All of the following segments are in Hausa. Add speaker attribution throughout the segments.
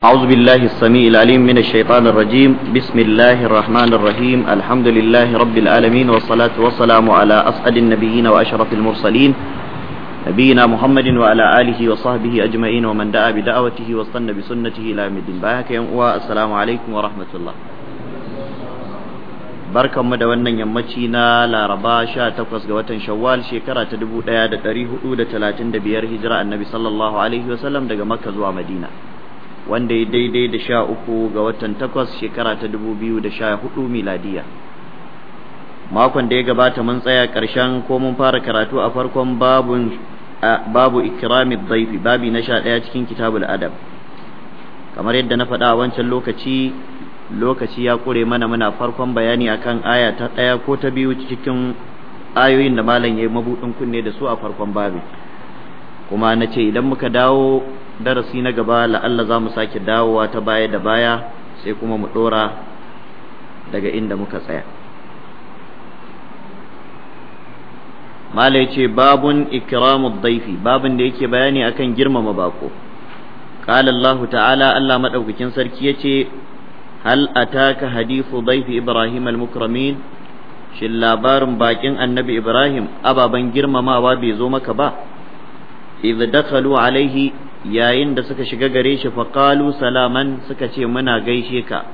Speaker 1: أعوذ بالله السميع العليم من الشيطان الرجيم بسم الله الرحمن الرحيم الحمد لله رب العالمين والصلاة والسلام على أسعد النبيين وأشرف المرسلين نبينا محمد وعلى آله وصحبه أجمعين ومن دعا بدعوته واصطن بسنته إلى يوم الدين باهك والسلام عليكم ورحمة الله barkan mu da wannan yammaci na laraba 18 ga watan shawwal shekara ta 1435 hijira annabi sallallahu alaihi wasallam daga makka zuwa madina wanda ya daidai da sha uku ga watan takwas shekara ta dubu biyu da sha hudu miladiya makon da ya gabata mun tsaya ƙarshen ko mun fara karatu a farkon babun babu ikramin zaifi babi na sha ɗaya cikin kitabul adab kamar yadda na faɗa a wancan lokaci lokaci ya ƙure mana muna farkon bayani akan aya ta ɗaya ko ta biyu cikin ayoyin da malam ya yi mabuɗin kunne da su a farkon babi kuma na ce idan muka dawo darasi na gaba la'alla za mu sake dawowa ta baya da baya sai kuma mu ɗora daga inda muka tsaya malai ce babun ikramu daifi babun da yake bayani akan girmama bako qala Allah ta'ala Allah madaukakin sarki yace hal ataka hadithu daifi ibrahim al-mukramin shin labarin bakin annabi ibrahim ababen girmamawa bai zo maka ba idh dakhalu alaihi yayin da suka shiga gare shi faƙalu salaman suka ce muna gaishe ka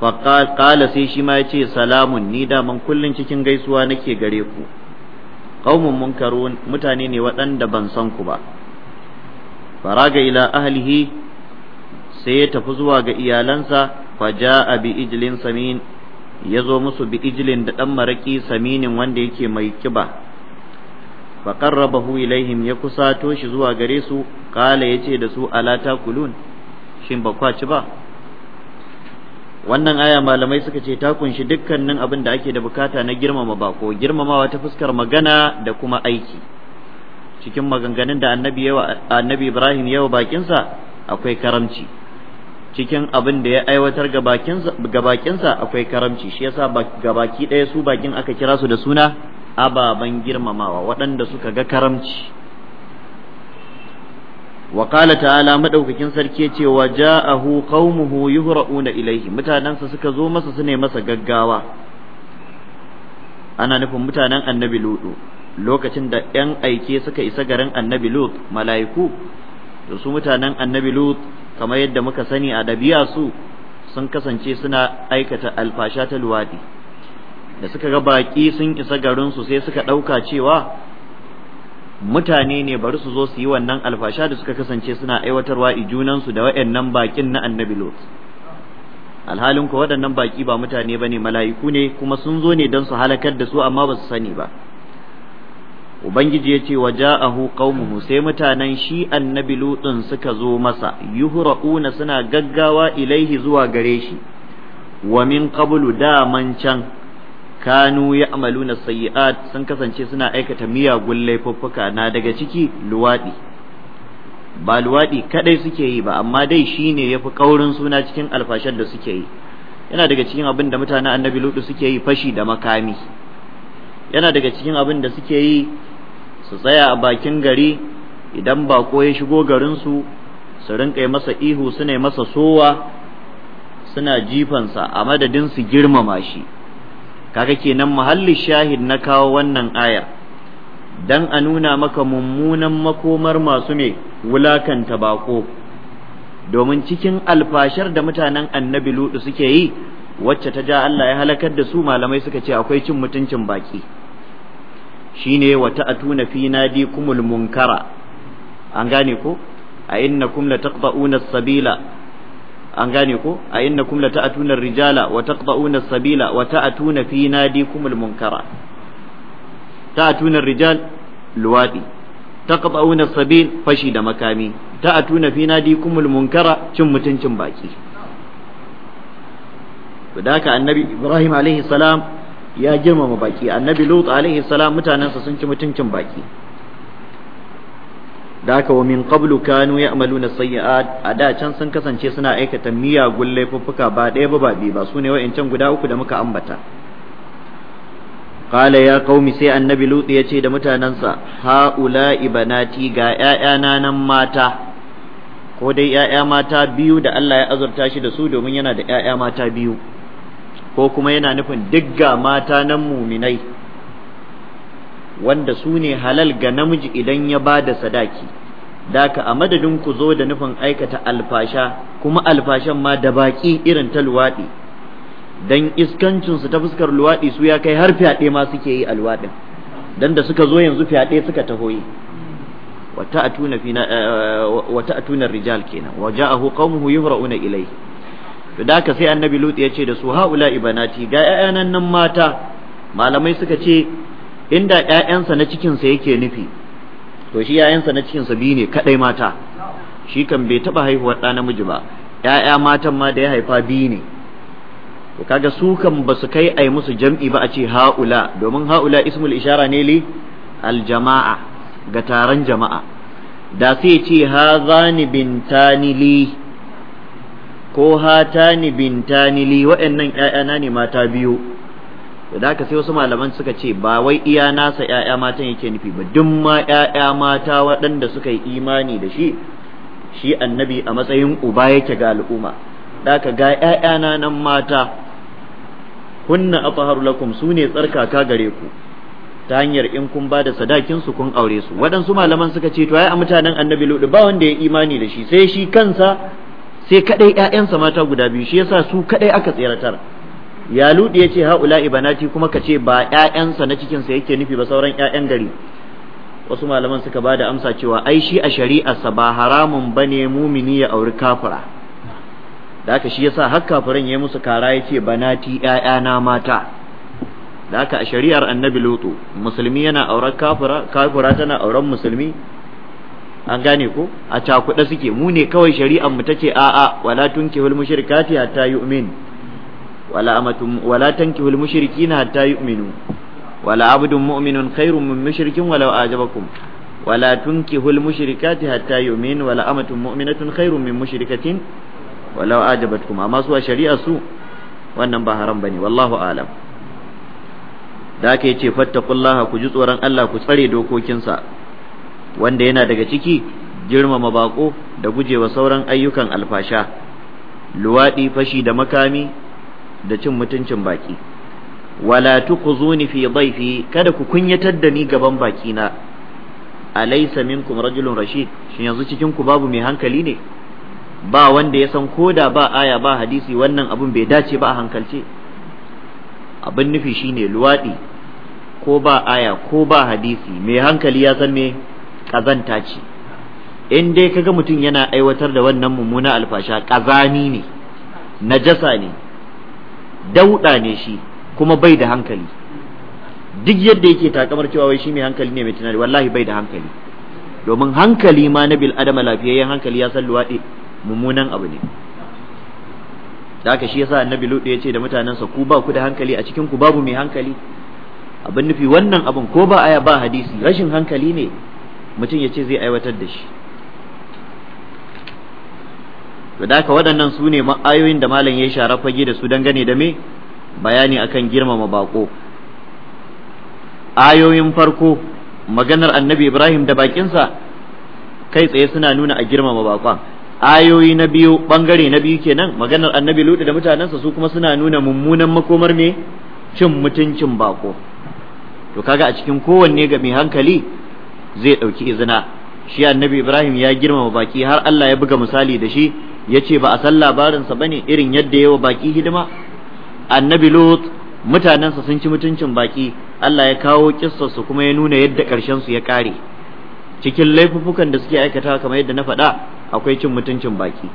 Speaker 1: faƙala sai shi ma ya ce salamun ni daman kullum cikin gaisuwa nake gare ku ƙaumin munkarun mutane ne waɗanda ban san ku ba faraga ila ahlihi sai ya tafi zuwa ga iyalansa faja'a bi ijlin samin ya zo musu bi ijlin da ɗan maraƙi saminin wanda yake mai kiba fa ilaihim ya kusato shi zuwa gare su kala yace da su ala takulun shin ba kwaci ba wannan aya malamai suka ce ta kunshi dukkanin abin da ake da bukata na girmama bako girmamawa ta fuskar magana da kuma aiki cikin maganganun da annabi yawa annabi Ibrahim yawa bakinsa akwai karamci cikin abin da ya aiwatar ga bakinsa akwai karamci shi yasa ga baki ɗaya su bakin aka kira su da suna ababan girmamawa waɗanda suka ga karamci wa qala ta'ala madaukakin sarki ce wa ja'ahu qaumuhu yuhra'una ilaihi mutanansa suka zo masa su ne masa gaggawa ana nufin mutanen annabi ludu lokacin da yan aike suka isa garin annabi lut mala'iku da su mutanen annabi lut kamar yadda muka sani a su sun kasance suna aikata alfasha ta luwadi da suka ga baƙi sun isa garinsu sai suka ɗauka cewa mutane ne bari su zo su yi wannan alfasha da suka kasance suna aiwatarwa junansu da wa'yannan baƙin na annabi lot alhalin ko waɗannan baƙi ba mutane ba ne mala'iku ne kuma sun zo ne don su halakar da su amma ba su sani ba ubangiji ya ce wa ja'ahu qaumuhu sai mutanen shi annabi lutun suka zo masa yuhra'una suna gaggawa ilaihi zuwa gare shi wa min qablu da man can kanu ya na sayi'at sun kasance suna aikata miyagun laifuffuka na daga ciki luwaɗi. ba luwaɗi kaɗai suke yi ba amma dai shi shine yafi ƙaurin suna cikin alfashan da suke yi yana daga cikin abin da mutanen annabi lutu suke yi fashi da makami yana daga cikin abin da suke yi su tsaya a bakin gari idan bako ya shigo garinsu su rinka masa ihu suna masa sowa suna jifansa a madadin su girmama shi kaga kenan muhalli shahid na kawo wannan aya dan a nuna maka mummunan makomar masu ne wulakanta bako domin cikin alfashar da mutanen annabi luɗu suke yi wacce ta ja Allah ya halakar da su malamai suka ce akwai cin mutuncin baki shine wata atuna fi kumul munkara an gane ko a innakum lataqta'una as-sabila an gane ku? a innakum lata'tuna ar-rijala wa taqta'una as-sabila wa ta'tuna fi nadikum al-munkara ta'tuna ar-rijal luwadi taqta'una as-sabil fashi da makami ta'tuna fi nadikum al-munkara cin mutuncin baki haka annabi Ibrahim alaihi salam ya girmama baki annabi Lut alaihi salam mutanansa sun ci mutuncin baki da haka wa min qablu kanu ya'maluna sayyi'at a da can sun kasance suna aikata miyagun laifuffuka ba ɗaya ba ba biyu ba sune wa'ancan guda uku da muka ambata qala ya qaumi sai annabi lutu yace da mutanansa ha ula ibanati ga ƴaƴana nan mata ko dai ƴaƴa mata biyu da Allah ya azurta shi da su domin yana da ƴaƴa mata biyu ko kuma yana nufin digga mata nan muminai wanda su ne halal ga namiji idan ya ba da sadaki daka a madadin ku zo da nufin aikata alfasha kuma alfashan ma da baƙi irin ta luwaɗi don iskancinsu ta fuskar luwaɗi su ya kai har fyaɗe ma suke yi a luwaɗin, don da suka zo yanzu fyaɗe suka yi wata a fina rijal kenan waja'ahu qaumuhu yuhra'una ilai, to daka sai annabi lut ya ce da su haula ibanati ga 'ya'yanan nan mata malamai suka ce inda 'ya'yansa na cikinsa yake nufi to shi ƴaƴansa na cikinsa biyu ne kadai mata shi kan bai taba haihuwar ɗa namiji ba 'Ya'ya matan ma da ya haifa biyu ne to kaga su kan ba su kai ai musu jam'i ba a ce haula domin haula ismul ishara ne li aljama'a ga taron jama'a da sai ce zani bintani li ko tani bintani li waɗannan 'ya'yana ne mata biyu da haka sai wasu malaman suka ce ba wai iya nasa ƴaƴa matan yake nufi ba duk ma ƴaƴa mata waɗanda suka yi imani da shi shi annabi a matsayin uba yake ga al'umma da aka ga ƴaƴana nan mata hunna atharu lakum sune ka gare ku ta hanyar in kun ba da sadakin su kun aure su waɗansu malaman suka ce to ai a mutanen annabi ludu ba wanda ya imani da shi sai shi kansa sai kadai ƴaƴansa mata guda biyu shi yasa su kadai aka tseratar ya ludi yace haula ibanati kuma kace ba ƴaƴansa na cikin sa yake nufi ba sauran ƴaƴan gari wasu malaman suka bada amsa cewa ai shi a shari'arsa ba haramun bane mumini ya auri kafira da haka shi yasa har kafirin ya musu kara ya ce banati ƴaƴana mata da haka a shari'ar annabi lutu musulmi yana auren kafira kafira tana auren musulmi an gane ko a cakuɗa suke mu ne kawai shari'ar mu tace a'a wala tunkihul mushrikati hatta yu'min wala amatum wala tankihul mushrikina hatta yu'minu wala abdun mu'minun khairun min mushrikin ولا تنكحوا المشركات حتى يؤمن ولا أمة مؤمنة خير من مشركة ولو أعجبتكم أما سوى شريعة سوء wannan ba haram bane wallahu alam da aka yace fattaqullaha ku ji tsoron Allah ku tsare dokokinsa wanda yana daga ciki girmama bako da gujewa sauran ayyukan alfasha luwadi fashi da makami da cin mutuncin baki wala tukhuzuni fi dhayfi kada ku kunyatar da ni gaban baki na alaysa minkum rajulun rashid shin yanzu cikin ku babu mai hankali ne ba wanda ya san koda ba aya ba hadisi wannan abun bai dace ba a hankalce abin nufi shine luwadi ko ba aya ko ba hadisi mai hankali ya san me kazanta ce in dai kaga mutum yana aiwatar da wannan mummuna alfasha kazani ne najasa ne dauda ne shi kuma bai da hankali duk yadda yake takamar cewa wai shi mai hankali ne mai tunani wallahi bai da hankali domin hankali ma na bil adama lafiyayyen hankali ya san luwaɗi mummunan abu ne da haka shi yasa annabi lutu ya ce da mutanensa ku ba ku da hankali a cikin ku babu mai hankali abin nufi wannan abin ko ba aya ba hadisi rashin hankali ne mutum ya ce zai aiwatar da shi to da haka waɗannan su ne ayoyin da malam ya shara fage da su dangane da me bayani akan girmama bako ayoyin farko maganar annabi ibrahim da bakinsa kai tsaye suna nuna a girmama bakon ayoyi na biyu bangare na biyu kenan maganar annabi lutu da mutanensa su kuma suna nuna mummunan makomar me cin mutuncin baƙo. to kaga a cikin kowanne ga mai hankali zai ɗauki izina shi annabi ibrahim ya girmama baki har Allah ya buga misali da shi ya ce ba a san labarinsa ba ne irin yadda ya wa baki hidima annabi lut mutanensa sun ci mutuncin baki Allah ya kawo kissarsu kuma ya nuna yadda su ya kare cikin laifukan da suke aikata kamar yadda na faɗa akwai cin mutuncin baki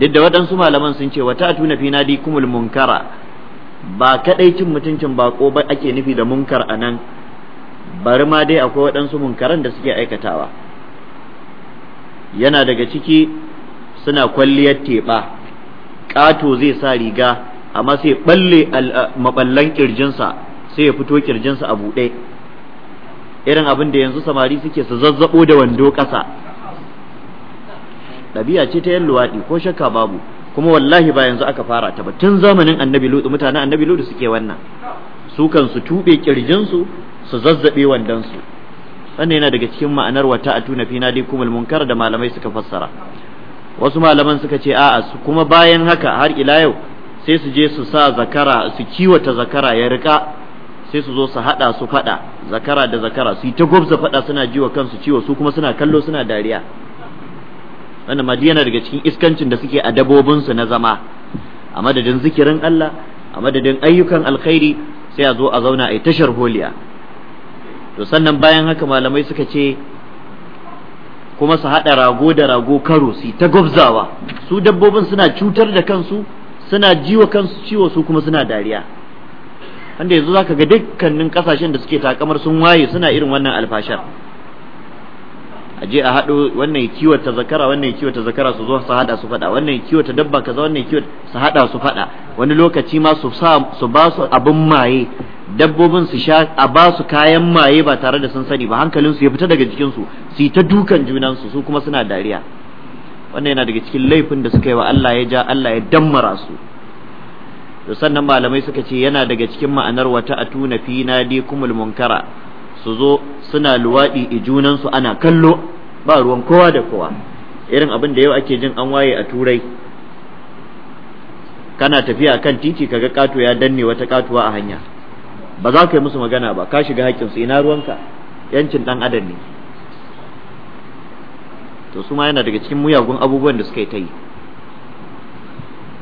Speaker 1: duk da waɗansu malaman sun ce wata tuna fi nadi kumul munkara ba kadai cin mutuncin bako ba ake nufi da munkar anan bari ma dai akwai waɗansu munkaran da suke aikatawa yana daga ciki suna kwalliyar teɓa ƙato zai sa riga amma sai balle maballan ƙirjinsa, sai ya fito ƙirjinsa a buɗe irin abin da yanzu samari suke su zazzabo da wando ƙasa ɗabi'a ce ta yan luwaɗi ko shakka babu kuma wallahi ba yanzu aka fara ta ba tun zamanin annabi lutu mutanen annabi lutu suke wannan su kan su tuɓe ƙirjinsu su zazzabe wandonsu wannan yana daga cikin ma'anar wata fina fi nadikumul munkar da malamai suka fassara wasu malaman suka ce a'a su kuma bayan haka har ila yau sai su je su sa zakara su kiwata zakara ya rika sai su zo su hada su fada zakara da zakara su yi ta gwabza fada suna jiwa kansu ciwo su kuma suna kallo suna dariya wannan ma yana daga cikin iskancin da suke a su na zama a madadin zikirin Allah a madadin ayyukan alkhairi sai a zo a zauna a yi tashar holiya to sannan bayan haka malamai suka ce kuma su haɗa rago da rago karo su ta gwabzawa su dabbobin suna cutar da kansu suna jiwa kansu ciwo su kuma suna dariya wanda yanzu zaka ga dukkanin kasashen da suke takamar sun waye suna irin wannan alfashar a je a haɗo wannan ta zakara wannan ta zakara su zo su haɗa su faɗa wannan ta dabba kaza wannan kiwo su haɗa su faɗa wani lokaci ma su sa su ba su abin maye dabbobin su sha a ba su kayan maye ba tare da sun sani ba hankalin su ya fita daga jikin su su yi ta dukan junan su su kuma suna dariya wannan yana daga cikin laifin da suka yi wa Allah ya ja Allah ya dammara su to sannan malamai suka ce yana daga cikin ma'anar wata atuna fi nadi kumul munkara su zo suna luwaɗi i junansu ana kallo ba ruwan kowa da kowa irin abin da yau ake jin an waye a turai kana tafiya kan titi kaga kato ya danne wata katuwa a hanya ba za ka yi musu magana ba ka shiga haƙƙinsu ina ruwanka yancin ɗan adam ne to su ma yana daga cikin miyagun abubuwan da suka yi ta yi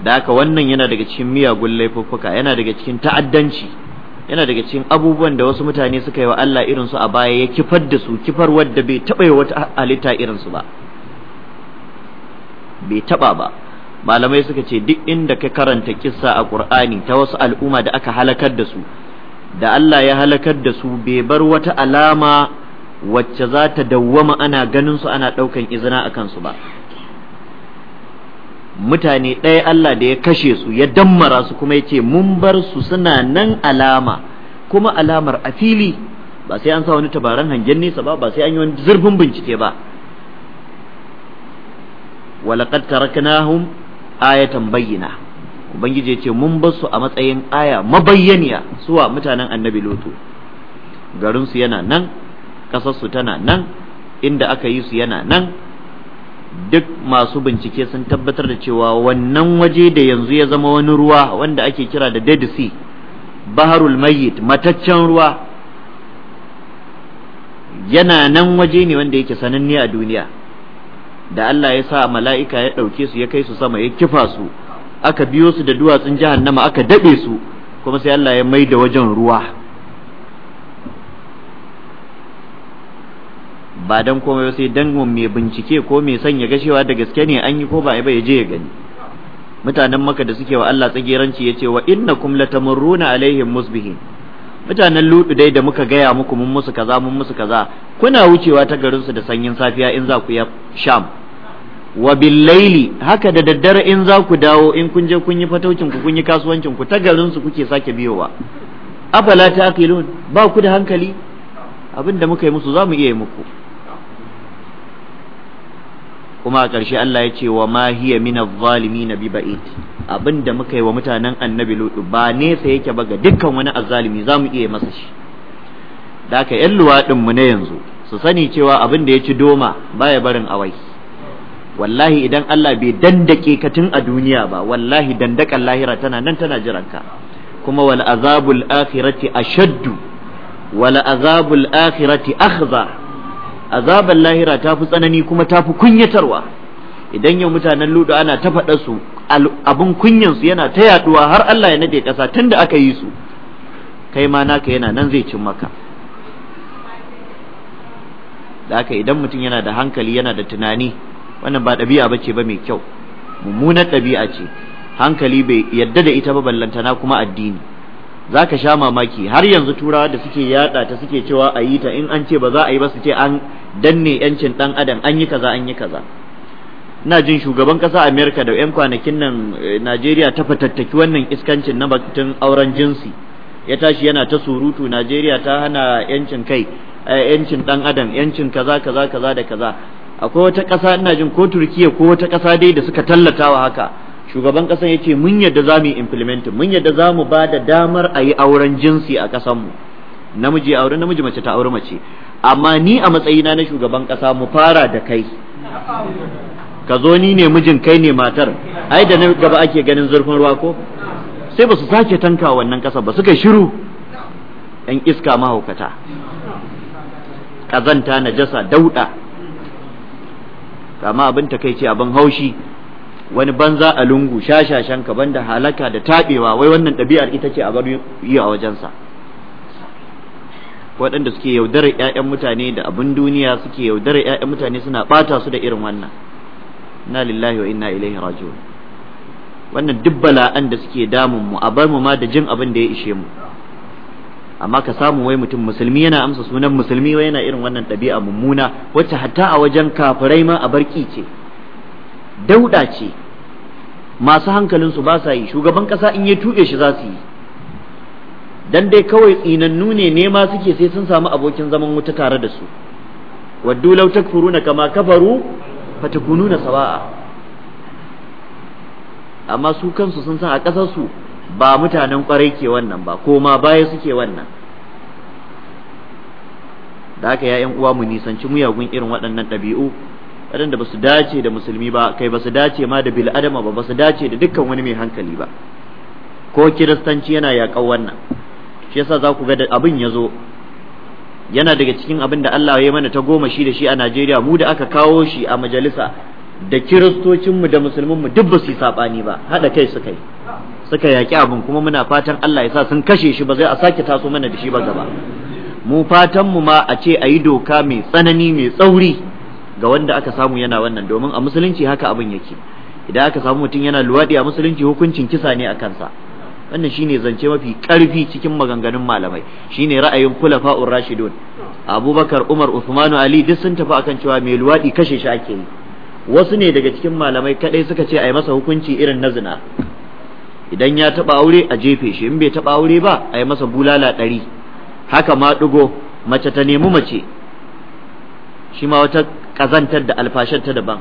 Speaker 1: da haka wannan yana daga cikin miyagun laifuffuka yana daga cikin ta'addanci yana daga cikin abubuwan da wasu mutane suka yi wa Allah irin su a baya ya kifar da su kifar wadda bai taɓa wata halitta irin su ba bai taɓa ba malamai suka ce duk inda ka karanta kissa a Qur'ani ta wasu al'umma da aka halakar da su da Allah ya halakar da su bai bar wata alama wacce za ta dawwama ana ganin su ana ɗaukan izina a kansu ba mutane ɗaya Allah da ya kashe su ya dammara su kuma ya ce mun bar su suna nan alama kuma alamar a fili ba sai an sa wani tabaran hangen nesa ba ba sai an yi wani zurfin bincike ba walaƙad taraknahum ayatan bayyana ubangiji ya ce mun bar su a matsayin aya mabayyaniya suwa mutanen annabi lutu garinsu yana nan ƙasarsu tana nan inda aka yi su yana nan duk masu bincike sun tabbatar da cewa wannan waje da yanzu ya zama wani ruwa wanda ake kira da Dead Sea Baharul mayit mataccen ruwa yana nan waje ne wanda yake sananne a duniya da Allah ya sa mala'ika ya ɗauke su ya kai su sama ya kifa su aka biyo su da duwatsun jahannama aka daɗe su kuma sai Allah ya mai da wajen ruwa ba dan komai sai dan mai bincike ko mai son ya ga cewa da gaske ne an yi ko ba ba ya je ya gani mutanen maka da suke wa Allah tsagiranci ya ce wa innakum latamurruna alaihim musbihin mutanen lutu dai da muka gaya muku mun musu kaza mun musu kaza kuna wucewa ta garinsu da sanyin safiya in za ku ya sham wa billaili haka da daddare in za ku dawo in kun je kun yi fataucin ku kun yi kasuwancin ku ta garin su kuke sake biyowa afala taqilun ba ku da hankali abin da muka yi musu za mu iya yi muku kuma a ƙarshe Allah ya ce wa ma hiya min adh-dhalimin bi ba'id abinda muka yi wa mutanen annabi lutu ba nesa yake ba ga dukkan wani azzalimi zamu iya masa shi da ka yan luwaɗin mu na yanzu su sani cewa abin da ya ci doma baya barin awai wallahi idan Allah bai dandake ka tun a duniya ba wallahi dandakan lahira tana nan tana jiranka kuma wal azabul akhirati ashaddu wal azabul akhirati akhza azabar lahira ta fi tsanani kuma ta fi kunyatarwa idan yau mutanen ludo ana ta faɗa su abin kunyansu yana ta yaduwa har Allah ya nade ƙasa tun da aka yi su kai ma naka yana nan zai cin maka da haka idan mutum yana da hankali yana da tunani wannan ba ɗabi'a bace ba mai kyau mummunar ɗabi'a ce hankali bai yadda da ita ba ballantana kuma addini za ka sha mamaki har yanzu turawa da suke yada ta suke cewa a yi ta in an ce ba za a yi ba su ce an danne yancin dan adam an yi kaza an yi kaza ina jin shugaban kasa america da yan kwanakin nan eh, najeriya ta fatattaki wannan iskancin na batun auren jinsi ya tashi yana ta surutu najeriya ta hana yancin kai yancin eh, dan adam yancin kaza kaza kaza da kaza akwai wata kasa ina jin ko turkiya ko wata kasa dai da suka tallatawa haka shugaban kasan ya ce mun yadda za mu yi implementing mun yadda za mu ba da damar a yi auren jinsi a ƙasanmu namiji ya aure namiji mace ta auri mace amma ni a matsayina na shugaban ƙasa mu fara da kai ka zo ni ne mijin kai ne matar ai da na gaba ake ganin zurfin ruwa ko sai ba su sake tanka wannan ƙasa ba suka shiru ɗan iska mahaukata ƙazanta jasa dauɗa kama abin takaici abin haushi wani banza a lungu shashashan ka banda halaka da tabewa wai wannan ɗabi'ar ita ce a bar yi a wajensa waɗanda suke yaudarar 'ya'yan mutane da abin duniya suke yaudarar 'ya'yan mutane suna ɓata su da irin wannan na lillahi wa inna ilaihi raji'un wannan duk bala'an da suke damun mu a bar mu ma da jin abin da ya ishe mu amma ka samu wai mutum musulmi yana amsa sunan musulmi wai yana irin wannan ɗabi'a mummuna wacce hatta a wajen kafirai ma a barki ce dauda ce masu hankalinsu ba sa yi shugaban ƙasa in ya tuɓe shi za su yi dan dai kawai tsinannu ne nema suke sai sun samu abokin zaman wuta tare da su waddu law takfuruna kama kafaru fatakununa sawa'a amma su kansu sun san a ƙasar su ba mutanen ƙwarai ke wannan ba ko ma baya suke wannan da haka ya uwa mu nisanci muyagun irin waɗannan ɗabi'u waɗanda da basu dace da musulmi ba kai basu dace ma da bil adama ba ba dace da dukkan wani mai hankali ba ko kiristanci yana yaƙar wannan shi yasa za ku ga da abin ya zo yana daga cikin abin da Allah ya mana ta goma shi da shi a Najeriya mu da aka kawo shi a majalisa da kiristocinmu da musulminmu duk basu su yi saɓani ba haɗa kai suka yi suka yaƙi abin kuma muna fatan Allah ya sa sun kashe shi ba zai a sake taso mana da shi ba gaba mu fatanmu ma a ce a yi doka mai tsanani mai tsauri ga wanda aka samu yana wannan domin a musulunci haka abin yake idan aka samu mutum yana luwaɗi a musulunci hukuncin kisa ne a kansa wannan shine zance mafi ƙarfi cikin maganganun malamai shine ra'ayin kulafa rashidun abubakar umar usmanu ali duk sun tafi akan cewa mai luwaɗi kashe shi ake yi wasu ne daga cikin malamai kaɗai suka ce a yi masa hukunci irin na zina idan ya taɓa aure a jefe shi in bai taɓa aure ba a yi masa bulala ɗari haka ma ɗigo mace ta nemi mace shi ma wata kazantar da alfashar ta daban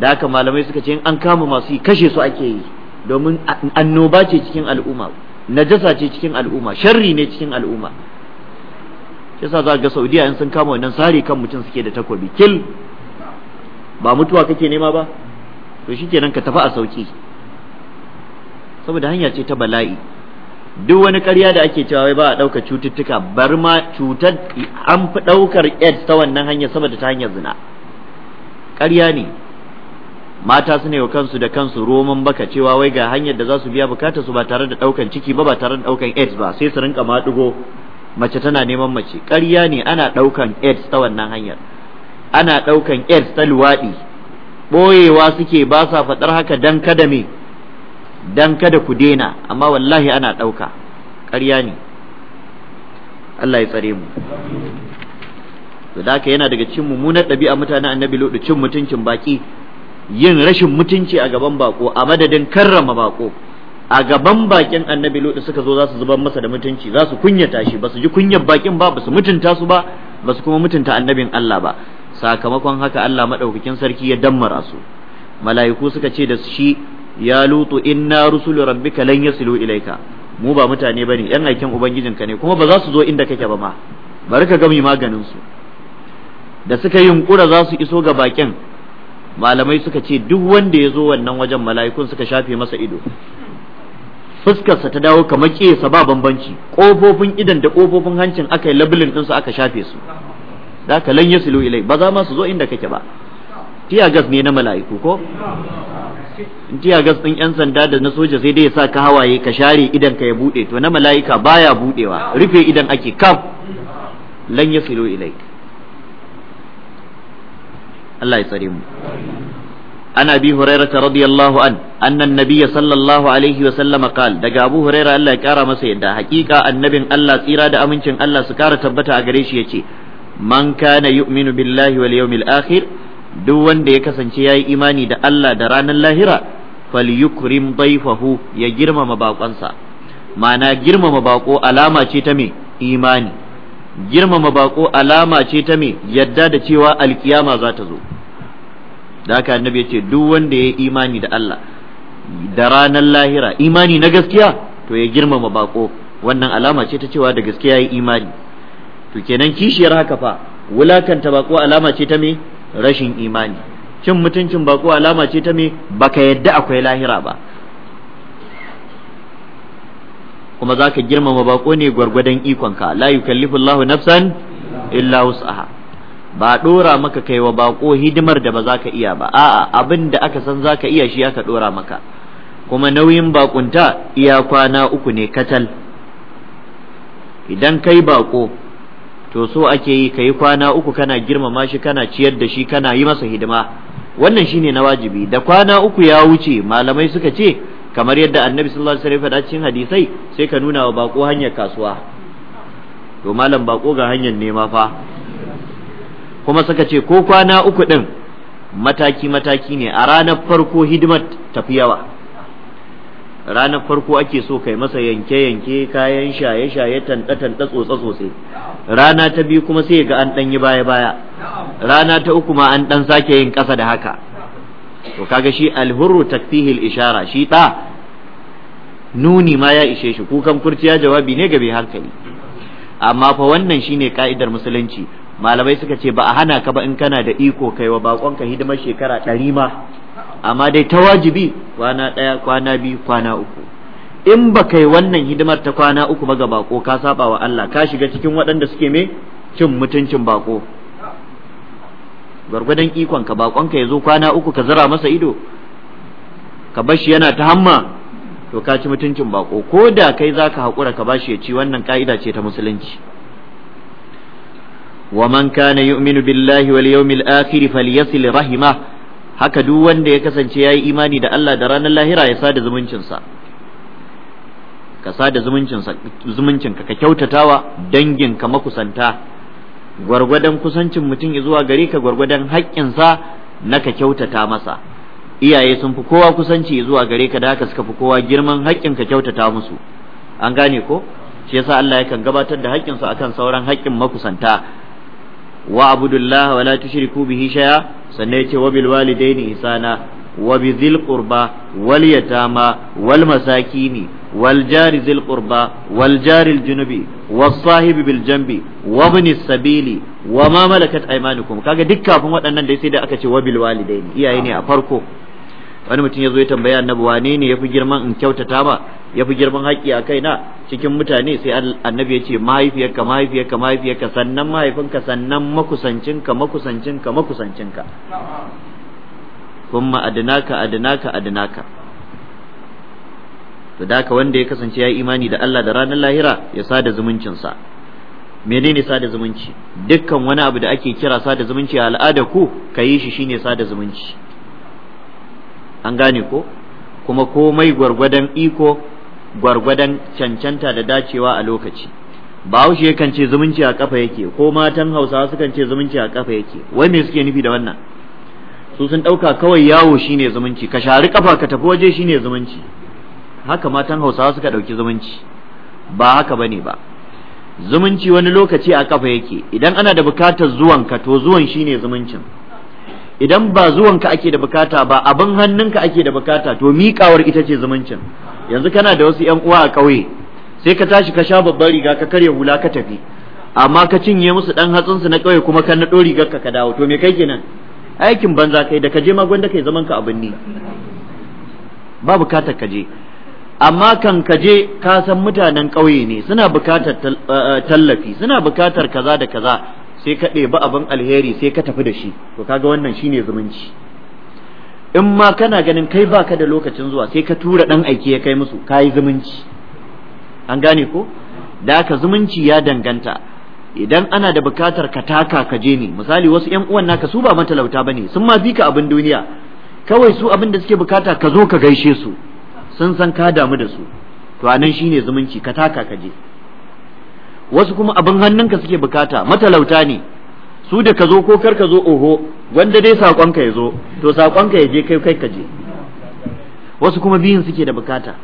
Speaker 1: da haka malamai suka ce in an kama masu yi kashe su ake yi domin annoba ce cikin al'umma najasa ce cikin al'umma sharri ne cikin al'umma yasa za ga saudiya in sun kama wannan sare kan mutum suke da takobi kil ba mutuwa kake nema ba to shikenan ka tafi a sauki saboda hanya ce ta bala'i duk wani ƙarya da ake cewa wai ba a ɗaukar cututtuka bar ma cutar an fi ɗaukar aids ta wannan hanyar saboda ta hanyar zina ƙarya ne mata su ne wa kansu da kansu roman baka cewa wai ga hanyar da za su biya bukatar su ba tare da ɗaukan ciki ba ba tare da ɗaukan aids ba sai su rinka maɗugo mace tana neman mace ƙarya ne ana ɗaukan aids ta wannan hanyar ana ɗaukan aids ta luwaɗi ɓoyewa suke ba sa faɗar haka dan kada me dan kada ku daina amma wallahi ana ɗauka ƙarya ne Allah ya tsare mu to da yana daga cikin mummunar ɗabi'a mutane annabi lodu cin mutuncin baki yin rashin mutunci a gaban bako a madadin karrama bako a gaban bakin annabi lodu suka zo za su zubar masa da mutunci za su kunyata shi ba su ji kunyar bakin ba ba su mutunta su ba ba su kuma mutunta annabin Allah ba sakamakon haka Allah madaukakin sarki ya dammara su mala'iku suka ce da shi ya lutu inna rusulu rabbika lan yasilu ilaika mu ba mutane bane yan aikin ubangijinka ne kuma ba za su zo inda kake ba ma bari ka gami maganin su da suka kura za su iso ga bakin malamai suka ce duk wanda ya zo wannan wajen mala'ikun suka shafe masa ido fuskarsa ta dawo kamar ƙesa ba bambanci kofofin idan da kofofin hancin aka yi labulin ɗinsu aka shafe su da ka lan yasilu ilai ba za ma su zo inda kake ba gas ne na mala'iku ko tiya gas din yan sanda da na soja sai dai ya sa ka hawaye ka share idan ka ya bude to na mala'ika baya budewa rufe idan ake kaf lan yasilu ilai. Allah ya tsare mu an abi hurairata radiyallahu an anna annabiyya sallallahu alaihi wa sallama qal daga abu huraira Allah ya kara masa yadda hakika annabin Allah tsira da amincin Allah su kara tabbata a gare shi yace man kana yu'minu billahi wal yawmil akhir duk wanda ya kasance ya yi imani da Allah da ranar lahira falyukrim daifahu ya girmama baƙonsa. ma'ana girmama baƙo alama ce ta me imani girmama baƙo alama ce ta me yadda da cewa alkiyama za ta zo da haka annabi ya ce duk wanda ya yi imani da Allah da ranar lahira imani na gaskiya to ya girmama baƙo wannan alama ce ta cewa da gaskiya ya yi imani to kenan kishiyar haka fa wulakanta bako alama ce ta me rashin imani cin mutuncin baƙo alama ce ta me baka yadda akwai lahira ba kuma za ka girmama baƙo ne gwargwadon ikonka la yukallifu Allahu nafsan illa wus'aha ba ɗora maka kai wa bako hidimar da ba za ka iya ba a'a abin da aka san za ka iya shi aka ɗora maka kuma nauyin baƙunta iya kwana uku ne katal idan kai baƙo. to so ake yi ka kwana uku kana girmama shi kana ciyar da shi kana yi masa hidima wannan shine na wajibi da kwana uku ya wuce malamai suka ce kamar yadda annabi sallallahu alaihi wasallam faɗa cikin hadisai sai ka nuna wa bako hanyar kasuwa to malam bako ga hanyar nema fa kuma suka ce ko kwana uku din mataki mataki ne a ranar farko hidimar tafi yawa ranar farko ake so kai masa yanke-yanke kayan shaye-shaye tanɗa-tanɗa tsotse-tsotse rana ta biyu kuma sai ga an yi baya-baya rana ta uku ma an ɗan sake yin ƙasa da haka to kaga shi alhurru takfihil ishara shi ɗa nuni ma ya ishe shi kukan kurciya jawabi ne ga bai hankali amma fa wannan shine ka'idar musulunci malamai suka ce ba a hana ka ba in kana da iko kai wa baƙonka hidimar shekara ɗari ma amma dai ta wajibi kwana ɗaya kwana biyu kwana uku in ba kai wannan hidimar ta kwana uku ba ga bako ka saba wa Allah ka shiga cikin waɗanda suke me cin mutuncin bako gwargwadon ikon ka bakon ka yazo kwana uku ka zara masa ido ka bashi yana ta hamma to ka ci mutuncin bako ko da kai zaka hakura ka bashi ya ci wannan ka'ida ce ta musulunci wa man kana yu'minu billahi wal yawmil akhir falyasil rahimah haka duk wanda ya kasance ya yi imani da Allah da ranar lahira ya sada zumuncinsa ka sada zumuncinka ka kyautatawa danginka makusanta gwargwadon kusancin mutum zuwa gare ka gwargwadon haƙƙinsa na ka kyautata masa iyaye sun fi kowa kusanci zuwa gare ka da haka suka fi kowa girman haƙƙin ka kyautata musu an gane ko shi yasa Allah yakan gabatar da haƙƙinsu akan sauran haƙƙin makusanta wa abudullahi wa la tushriku bihi shay'a sannan ya ce wa bil walidaini ihsana wa bi wal yatama wal masakini wal jari dhil qurba wal jari junubi was sahibi bil janbi wa sabili wa ma malakat aymanukum kaga duk kafin waɗannan da sai da aka ce wa walidaini iyaye ne a farko wani mutum ya zo ya tambaya annabi wane ne yafi girman in kyautata ma yafi girman haƙƙi a kaina cikin mutane sai annabi ya ce mahaifiyarka mahaifiyarka mahaifiyarka sannan mahaifinka sannan makusancinka makusancinka makusancinka kuma adinaka adinaka adinaka to da haka wanda ya kasance ya yi imani da Allah da ranar lahira ya sada zumuncinsa menene sada zumunci dukkan wani abu da ake kira sada zumunci a al'ada ku ka yi shi shine sada zumunci an gane ko kuma komai gwargwadon iko gwargwadon cancanta da dacewa a lokaci ba bahaushe yakan ce zumunci a kafa yake ko matan hausawa sukan ce zumunci a kafa yake wai me suke nufi da wannan su sun ɗauka kawai yawo shine zumunci ka shari kafa ka tafi waje shine zumunci haka matan hausawa suka ɗauki zumunci ba haka bane ba zumunci wani lokaci a kafa yake idan ana da bukatar zuwan ka to zuwan shine zumuncin idan ba zuwanka ake da bukata ba abin hannunka ake da bukata to miƙawar ita ce zumuncin yanzu kana da wasu 'yan uwa a ƙauye sai ka tashi ka sha babbar riga ka karya hula ka tafi amma ka cinye musu ɗan hatsinsu na ƙauye kuma ka naɗo rigar ka ka dawo to me kai kenan aikin banza kai da ka je ma kai zaman ka abin ni ba bukatar ka je amma kan ka je ka san mutanen ƙauye ne suna bukatar eh, tallafi suna bukatar kaza da kaza sai ka ɗebi abin alheri sai ka tafi da shi to kaga wannan shine zumunci in ma kana ganin kai baka da lokacin zuwa sai ka tura ɗan aiki ya kai musu kayi zumunci an gane ko da haka zumunci ya danganta idan ana da bukatar ka taka ka je ne misali wasu 'yan uwan naka su ba matalauta bane sun ma bi ka abin duniya kawai su abin da suke bukata ka zo ka gaishe su sun san ka damu da su to anan shine zumunci ka taka ka je wasu kuma abin hannunka suke bukata matalauta ne su da ka zo ko kar ka zo oho wanda dai saƙonka ya zo to saƙonka ya je kai kai ka je wasu kuma biyun suke da bukata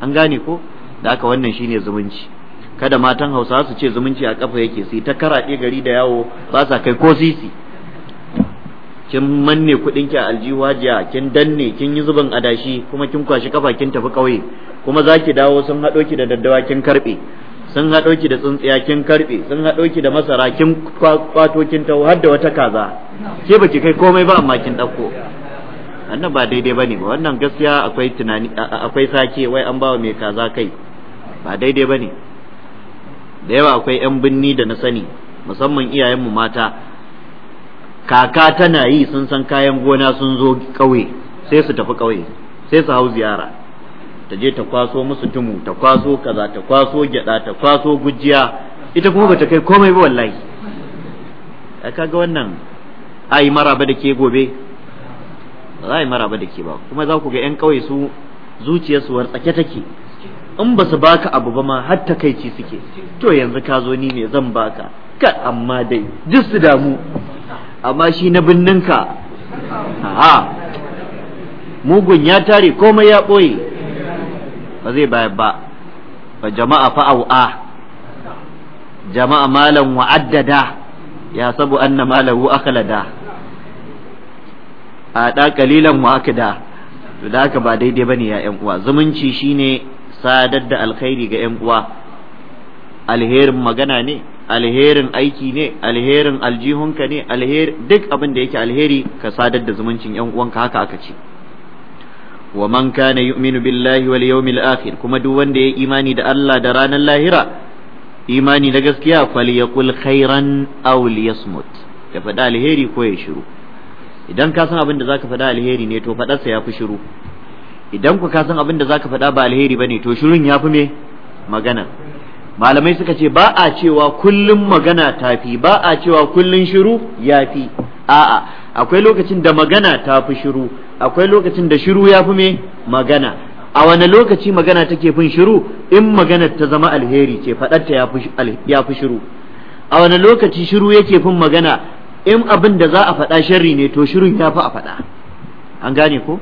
Speaker 1: an gane ko da aka wannan shine zumunci kada matan hausa su ce zumunci a kafa yake sai ta karaɗe gari da yawo ba sa kai ko sisi kin manne kuɗin ki a aljihu jiya kin danne kin yi zubin adashi kuma kin kwashi kafa kin tafi ƙauye kuma za ki dawo sun haɗo ki da daddawa kin karɓe sun haɗo ki da tsuntsiya kin karɓe sun haɗo ki da masara kin kwato kin tawo har da wata kaza ke baki kai komai ba amma kin ɗauko wannan ba daidai bane ba wannan gaskiya akwai tunani akwai sake wai an bawa mai kaza kai ba daidai bane da yawa akwai yan binni da na sani musamman iyayenmu mata kaka tana yi sun san kayan gona sun zo ƙauye sai su tafi ƙauye sai su hau ziyara ta je ta kwaso musu dumu ta kwaso kaza ta kwaso gyada ta kwaso gujiya ita kuma bata kai komai ba wallahi a kaga wannan ai maraba da ke gobe za a yi maraba da ke ba kuma za ku ga yan kauye su zuciyarsu war tsake take in ba su baka abu ba ma har ta ci suke to yanzu ka zo ni ne zan baka ka amma dai duk su damu amma shi na binninka
Speaker 2: a'a mugun
Speaker 1: ya tare komai ya ɓoye ba zai bayar ba ba jama'a fa au'a jama'a malan wa'addada ya sabu anna malahu akhlada a da kalilan aka da to da haka ba daidai bane ya 'yan uwa zumunci shine sadar da alkhairi ga 'yan uwa alherin magana ne alherin aiki ne alherin aljihunka ne alheri duk abin da yake alheri ka sadar da zumuncin 'yan uwanka haka aka ce wa man kana yu'minu billahi wal yawmil akhir kuma duk wanda ya imani da Allah da ranar lahira imani na gaskiya fal yaqul khairan aw liyasmut ya faɗa alheri ko ya shiru idan ka san abin da zaka faɗa alheri ne to faɗarsa ya fi shiru idan ku ka san abin da zaka faɗa ba alheri bane to shirun ya fi me magana malamai suka ce ba a cewa kullum magana tafi ba a cewa kullum shiru yafi a'a akwai lokacin da magana ta fi shiru akwai lokacin da shiru ya fi me magana a wani lokaci magana take fin shiru in magana ta zama alheri ce faɗarta ya fi shiru a wani lokaci shiru yake fin magana in abin da za a faɗa sharri ne to shirin ya fi a faɗa an gane ko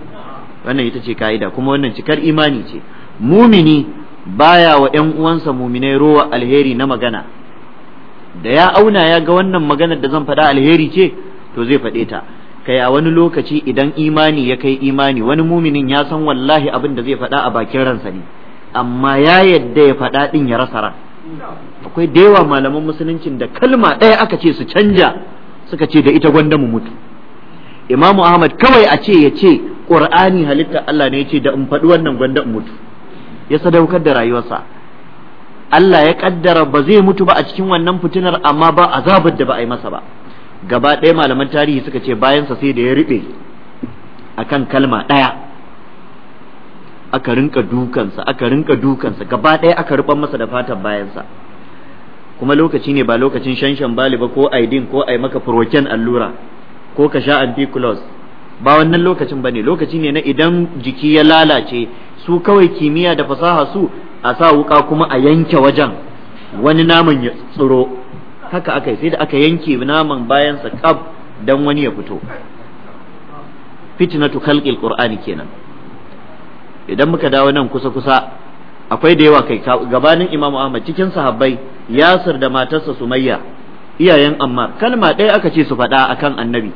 Speaker 1: wannan ita ce ka'ida kuma wannan cikar imani ce mumini baya wa ‘yan uwansa muminai rowa alheri na magana da ya auna ya ga wannan maganar da zan faɗa alheri ce to zai faɗe ta kai a wani lokaci idan imani ya kai imani wani muminin ya san wallahi abin da zai faɗa a bakin ransa ne amma ya yadda ya faɗa ɗin ya rasa ran akwai da yawa malaman musuluncin da kalma ɗaya aka ce su canja suka ce da ita gwanda mu mutu imamu ahmad kawai a ce ya ce ƙur'ani halittar allah ne ya ce da in faɗi wannan gwanda in mutu ya sadaukar da rayuwarsa allah ya ƙaddara ba zai mutu ba a cikin wannan fitinar amma ba azabar da ba a yi masa ba gaba ɗaya malaman tarihi suka ce bayansa sai da ya riɓe a kan kalma ɗaya aka rinka dukansa aka rinka dukansa gaba ɗaya aka ruɓa masa da fatan bayansa kuma lokaci ne ba lokacin shanshan bali ba ko aidin ko ai maka furoken allura ko ka sha anticulus ba wannan lokacin ba ne lokaci ne na idan jiki ya lalace su kawai kimiyya da fasaha su a sa wuka kuma a yanke wajen wani naman ya tsiro haka aka yi sai da aka yanke naman bayansa kab dan wani ya fito fitnatu khalqil qur'ani kenan idan muka dawo nan kusa kusa akwai da yawa kai gabanin imamu ahmad cikin sahabbai yasir da matarsa sumayya iyayen amma kalma ɗaya aka ce su faɗa akan annabi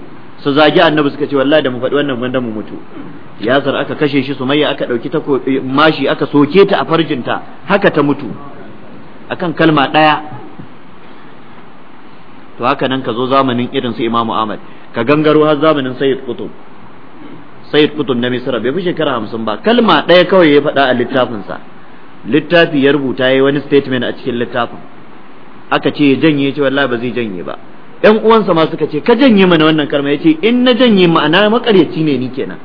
Speaker 1: su zagi annabi suka ce wallahi da mu faɗi wannan gwanda mu mutu yasir aka kashe shi sumayya aka ɗauki ta eh, mashi aka soke ta a farjinta haka ta mutu akan kalma ɗaya to haka nan ka zo zamanin irin su Imam Ahmad ka gangaro har zamanin Sayyid Qutb Sayyid Qutb na Misra bai fi shekara hamsin ba kalma ɗaya kawai ya faɗa a littafinsa littafi ya rubuta yayi wani statement a cikin littafin aka ce ya janye ce wallahi ba zai janye ba ƴan uwansa ma suka ce ka janye mana wannan kalma yace in na janye ma'ana makaryaci ne ni kenan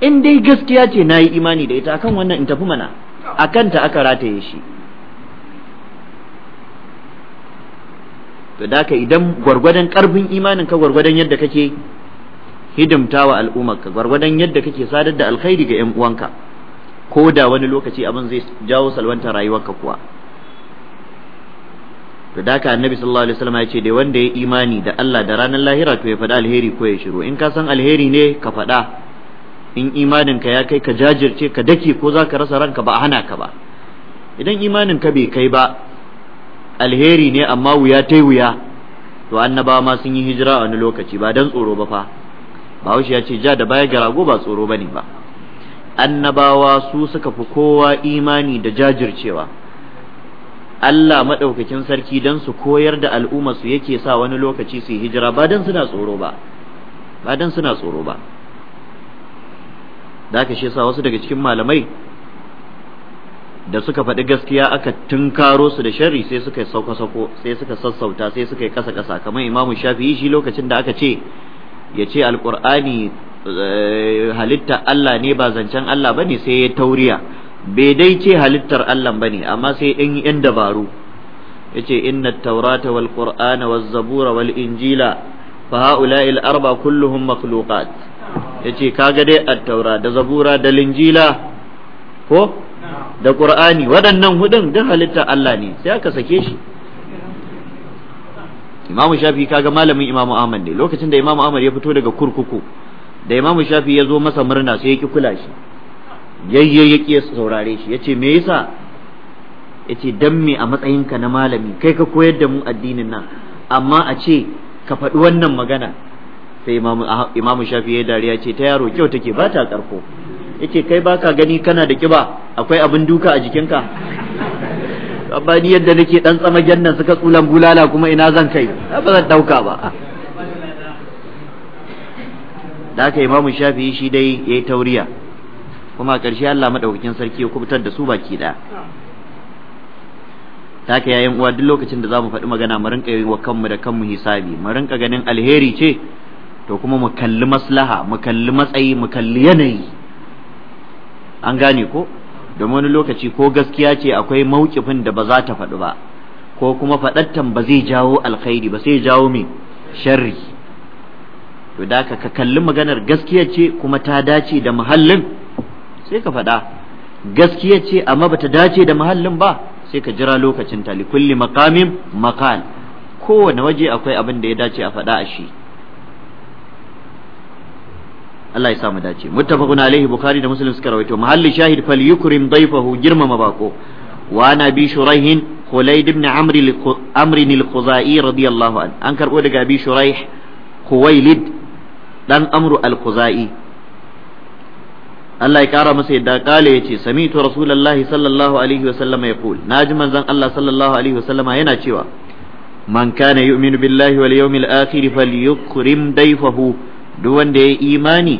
Speaker 1: in dai gaskiya ce nayi imani da ita akan wannan in tafi mana akan ta aka rataye shi to da ka idan gwargwadon karfin imanin ka gwargwadon yadda kake hidimta wa ka. gwargwadon yadda kake sadar da alkhairi ga yan uwanka ko da wani lokaci abin zai jawo salwanta rayuwarka kuwa to da ka annabi sallallahu alaihi wasallam ya ce da wanda ya imani da Allah da ranar lahira to ya faɗa alheri ko ya shiru in ka san alheri ne ka faɗa in imanin ka ya kai ka jajirce ka dake ko za ka rasa ranka ba a hana ka ba idan imanin ka bai kai ba alheri ne amma wuya ta wuya to annaba ma sun yi hijira a wani lokaci ba dan tsoro ba fa bahaushe ya ce ja da baya ga rago ba tsoro ne ba annabawa su suka fi kowa imani da jajircewa Allah maɗaukakin sarki don su koyar da al'umma su yake sa wani lokaci su yi hijira ba don suna tsoro ba ba don suna tsoro ba da shi wasu daga cikin malamai da suka faɗi gaskiya aka tunkaro su da sharri sai suka sauka sako sai suka sassauta sai suka yi kasa kasa kamar imamu shafi'i shi lokacin da aka ce ya ce alƙur'ani eh, halitta Allah ne ba zancen Allah bane sai ya tauriya bai dai ce halittar Allah bane amma sai ɗan yan dabaru ya ce inna taurata wal qur'ana wal zabura wal injila fa ha'ula'il arba kulluhum makhluqat ce kaga dai at-taura da zabura da linjila ko da qur'ani waɗannan hudun duk halittar Allah ne sai aka sake shi imamu shafi kaga malamin Imam ahmad ne lokacin da imamu ahmad ya fito daga kurkuku da imamu shafi ya zo masa murna sai ya ki kula shi yayye ya ki saurare shi yace me yasa yace dan me a ka na malami kai ka koyar da mu addinin nan amma a ce ka faɗi wannan magana sai imamu shafi ya dariya ce ta yaro kyau take ba ta karko yace kai baka gani kana da kiba akwai abin duka a jikinka amma ni yadda nake dan tsamagen nan suka tsulan bulala kuma ina zan kai ba zan dauka ba da haka imamu shafi shi dai yayi tauriya kuma a ƙarshe Allah maɗaukakin sarki ya kubutar da su baki ɗaya ta haka yayin uwa duk lokacin da zamu faɗi magana mu rinka yi wa kanmu da kanmu hisabi mu rinka ganin alheri ce to kuma mu kalli maslaha mu kalli matsayi mu kalli yanayi an gane ko domin wani lokaci ko gaskiya ce akwai mawkifin da ba za ta faɗi ba ko kuma faɗattan ba zai jawo alkhairi ba sai jawo mai sharri to da ka kalli maganar gaskiya ce kuma ta dace da muhallin sai ka faɗa gaskiya ce amma ba ta dace da muhallin ba sai ka jira lokacin talikulli likulli maqamin maqal kowane waje akwai abin da ya dace a faɗa a shi Allah ya sa mu dace muttafaqun alaihi bukhari da muslim suka rawaito mahalli shahid fal yukrim dayfahu girmama bako wa ana bi shuraihin khulaid ibn amr amr al-khuzai radiyallahu an an karbo daga bi shuraih khuwailid dan amru al-khuzai Allah ya kara masa yadda kale yace samitu rasulullahi sallallahu alaihi wa sallama yaqul naji manzon Allah sallallahu alaihi wa sallama yana cewa man kana yu'minu billahi wal yawmil akhir falyukrim dayfahu duk wanda ya imani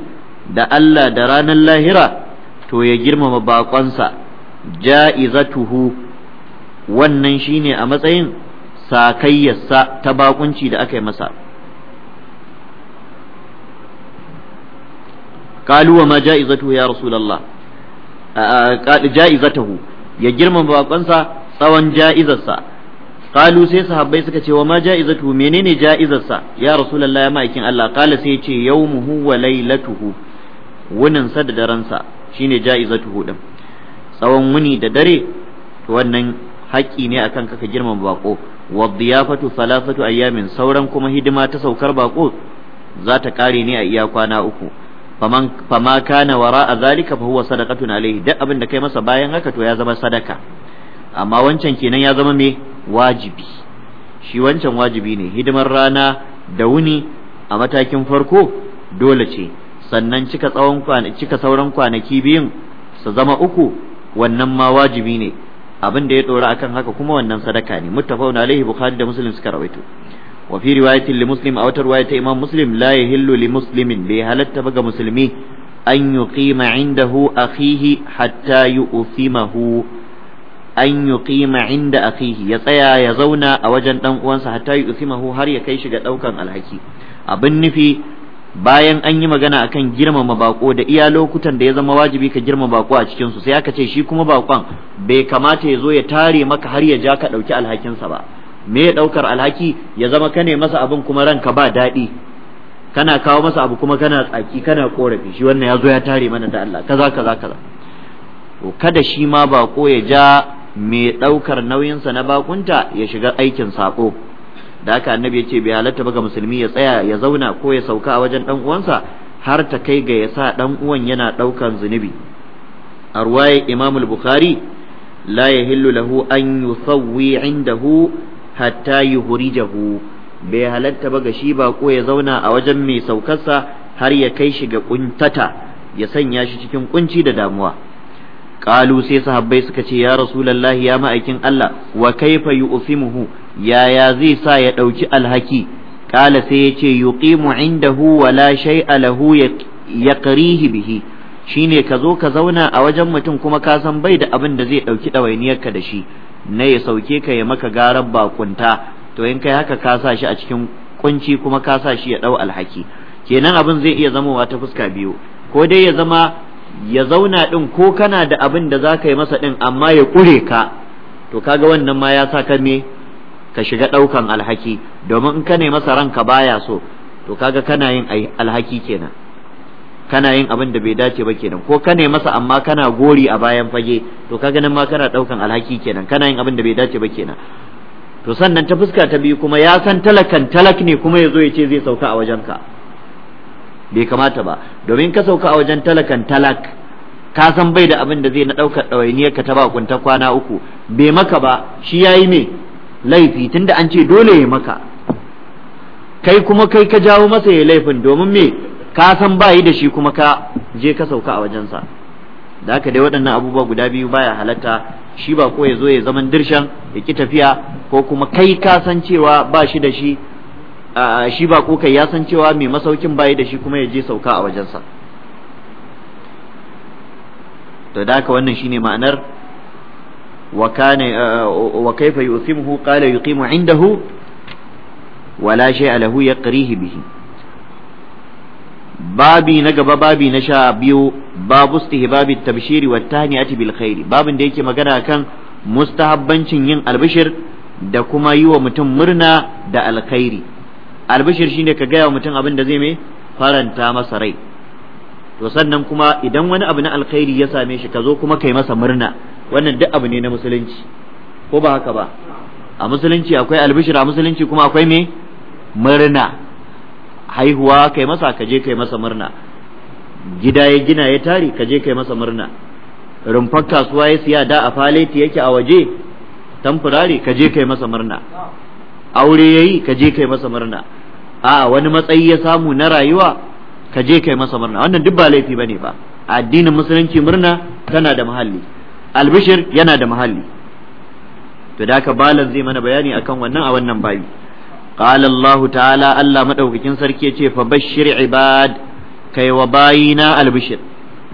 Speaker 1: da Allah da ranar lahira to ya girmama baƙonsa ja'izatuhu wannan shine a matsayin sakayyarsa ta bakunci da aka yi masa kalu wa ma ja'izatuhu ya rasulullah ja'izatuhu ya girmama baƙonsa tsawon ja'izarsa qalu sai sahabbai suka ce wa ma ja'izatu menene ja'izarsa ya rasulullahi ya ma'aikin Allah qala sai ya ce yawmuhu wa lailatuhu wunin sa da daren sa shine ja'izatu ɗin tsawon wuni da dare wannan haƙƙi ne akan kaka girman bako wa diyafatu thalathatu ayyamin sauran kuma hidima ta saukar bako za ta kare ne a iya kwana uku faman fama kana wara a zalika fa huwa sadaqatun alaihi duk abin da kai masa bayan haka to ya zama sadaka amma wancan kenan ya zama me wajibi shi wancan wajibi ne hidimar rana da wuni a matakin farko dole ce sannan cika tsawon cika sauran kwanaki biyun su zama uku wannan ma wajibi ne abin da ya dora akan haka kuma wannan sadaka ne muttafaun alaihi bukhari da muslim suka rawaito wa fi riwayatin li muslim a wata riwaya ta imam muslim la yahillu li muslimin bai halatta ba ga musulmi an yuqima indahu akhihi hatta yu'thimahu an yuqima inda akhihi ya tsaya ya zauna a wajen dan uwansa hatta yusimahu har ya kai shi ga daukan alhaki abin nufi bayan an yi magana akan girmama bako da iya lokutan da ya zama wajibi ka girmama bako a cikin su sai aka ce shi kuma bakon bai kamata ya zo ya tare maka har ya ja ka dauki alhakinsa ba me ya daukar alhaki ya zama ka ne masa abin kuma ranka ba daɗi kana kawo masa abu kuma kana tsaki kana korafi shi wannan ya zo ya tare mana da Allah kaza kaza kaza kada shi ma bako ya ja mai ɗaukar nauyinsa na bakunta ya shiga aikin saƙo da haka annabi ya ce bai halatta ba ga musulmi ya tsaya ya zauna ko ya sauka a wajen ɗan uwansa har ta kai ga ya sa ɗan uwan yana ɗaukan zunubi a ruwaye imamul bukhari la yahillu lahu an yusawwi indahu hatta yuhrijahu bai halatta ba ga shi ba ko ya zauna a wajen mai saukarsa har ya kai shi ga kuntata ya sanya shi cikin kunci da damuwa Kalu sai sahabbai suka ce ya rasulullahi ya ma'aikin Allah wa kaifa yu'fimuhu yaya zai sa ya ɗauki alhaki qala sai yace yuqimu indahu wa la shay'a lahu shine ka zo ka zauna a wajen mutum kuma ka san bai da abin da zai ɗauki ɗawainiyarka da shi na ya sauke ka ya maka garar bakunta to in kai haka ka sa shi a cikin kunci kuma ka sa shi ya ɗau alhaki kenan abin zai iya zamowa ta fuska biyu ko dai ya zama ya zauna ɗin ko kana da abin da za ka yi masa ɗin amma ya ƙure ka to kaga wannan ma ya sa ka me ka shiga ɗaukan alhaki domin in ka ne masa ranka baya so to kaga kana yin alhaki kenan kana yin abin da bai dace ba kenan ko ka ne masa amma kana gori a bayan fage to kaga nan ma kana ɗaukan alhaki kenan kana yin abin da bai dace ba kenan to sannan ta fuska ta biyu kuma ya san talakan talak ne kuma ya zo ya ce zai sauka a wajenka bai kamata ba domin ka sauka a wajen talakan talak ka san bai da abin da zai na ɗaukar ɗawainiyar ka ta ba kunta kwana uku bai maka ba shi yayi me laifi tunda an ce dole ya maka kai kuma kai ka jawo masa ya laifin domin me ka san yi da shi kuma ka je ka sauka a wajensa da haka dai waɗannan abubuwa guda biyu baya halatta shi ba ko ya zo ya zaman dirshan ya ki tafiya ko kuma kai ka san cewa ba shi da shi shi ba kai ya san cewa mai masaukin bayi da shi kuma ya je sauka a wajensa to da haka wannan shine ma'anar wa kana wa kaifa yusimuhu qala yuqimu indahu wala shay'a lahu yaqrihi bihi babi na gaba babi na sha biyu babu istihbabi tabshiri wa tahniyati bil khairi babin da yake magana kan mustahabbancin yin albishir da kuma yi wa mutum murna da alkhairi albishir shine ka gaya wa mutum abin da zai mai faranta masa rai to sannan kuma idan wani abu na alkhairi ya same shi ka zo kuma kai masa murna wannan duk abu ne na musulunci ko ba haka ba a musulunci akwai albishir a musulunci kuma akwai me murna haihuwa kai masa ka je kai masa murna gida ya gina ya tari ka je kai masa murna rumfar kasuwa ya siya da a faleti yake a waje tamfurare ka je kai masa murna aure yayi ka je kai masa murna a wani matsayi ya samu na rayuwa ka je kai masa murna wannan duk ba laifi bane ba addinin musulunci murna tana da muhalli albishir yana da muhalli to da ka balan zai mana bayani akan wannan a wannan babi قال الله تعالى ألا مدوكين سركي يتي فبشر عباد كي وباينا البشر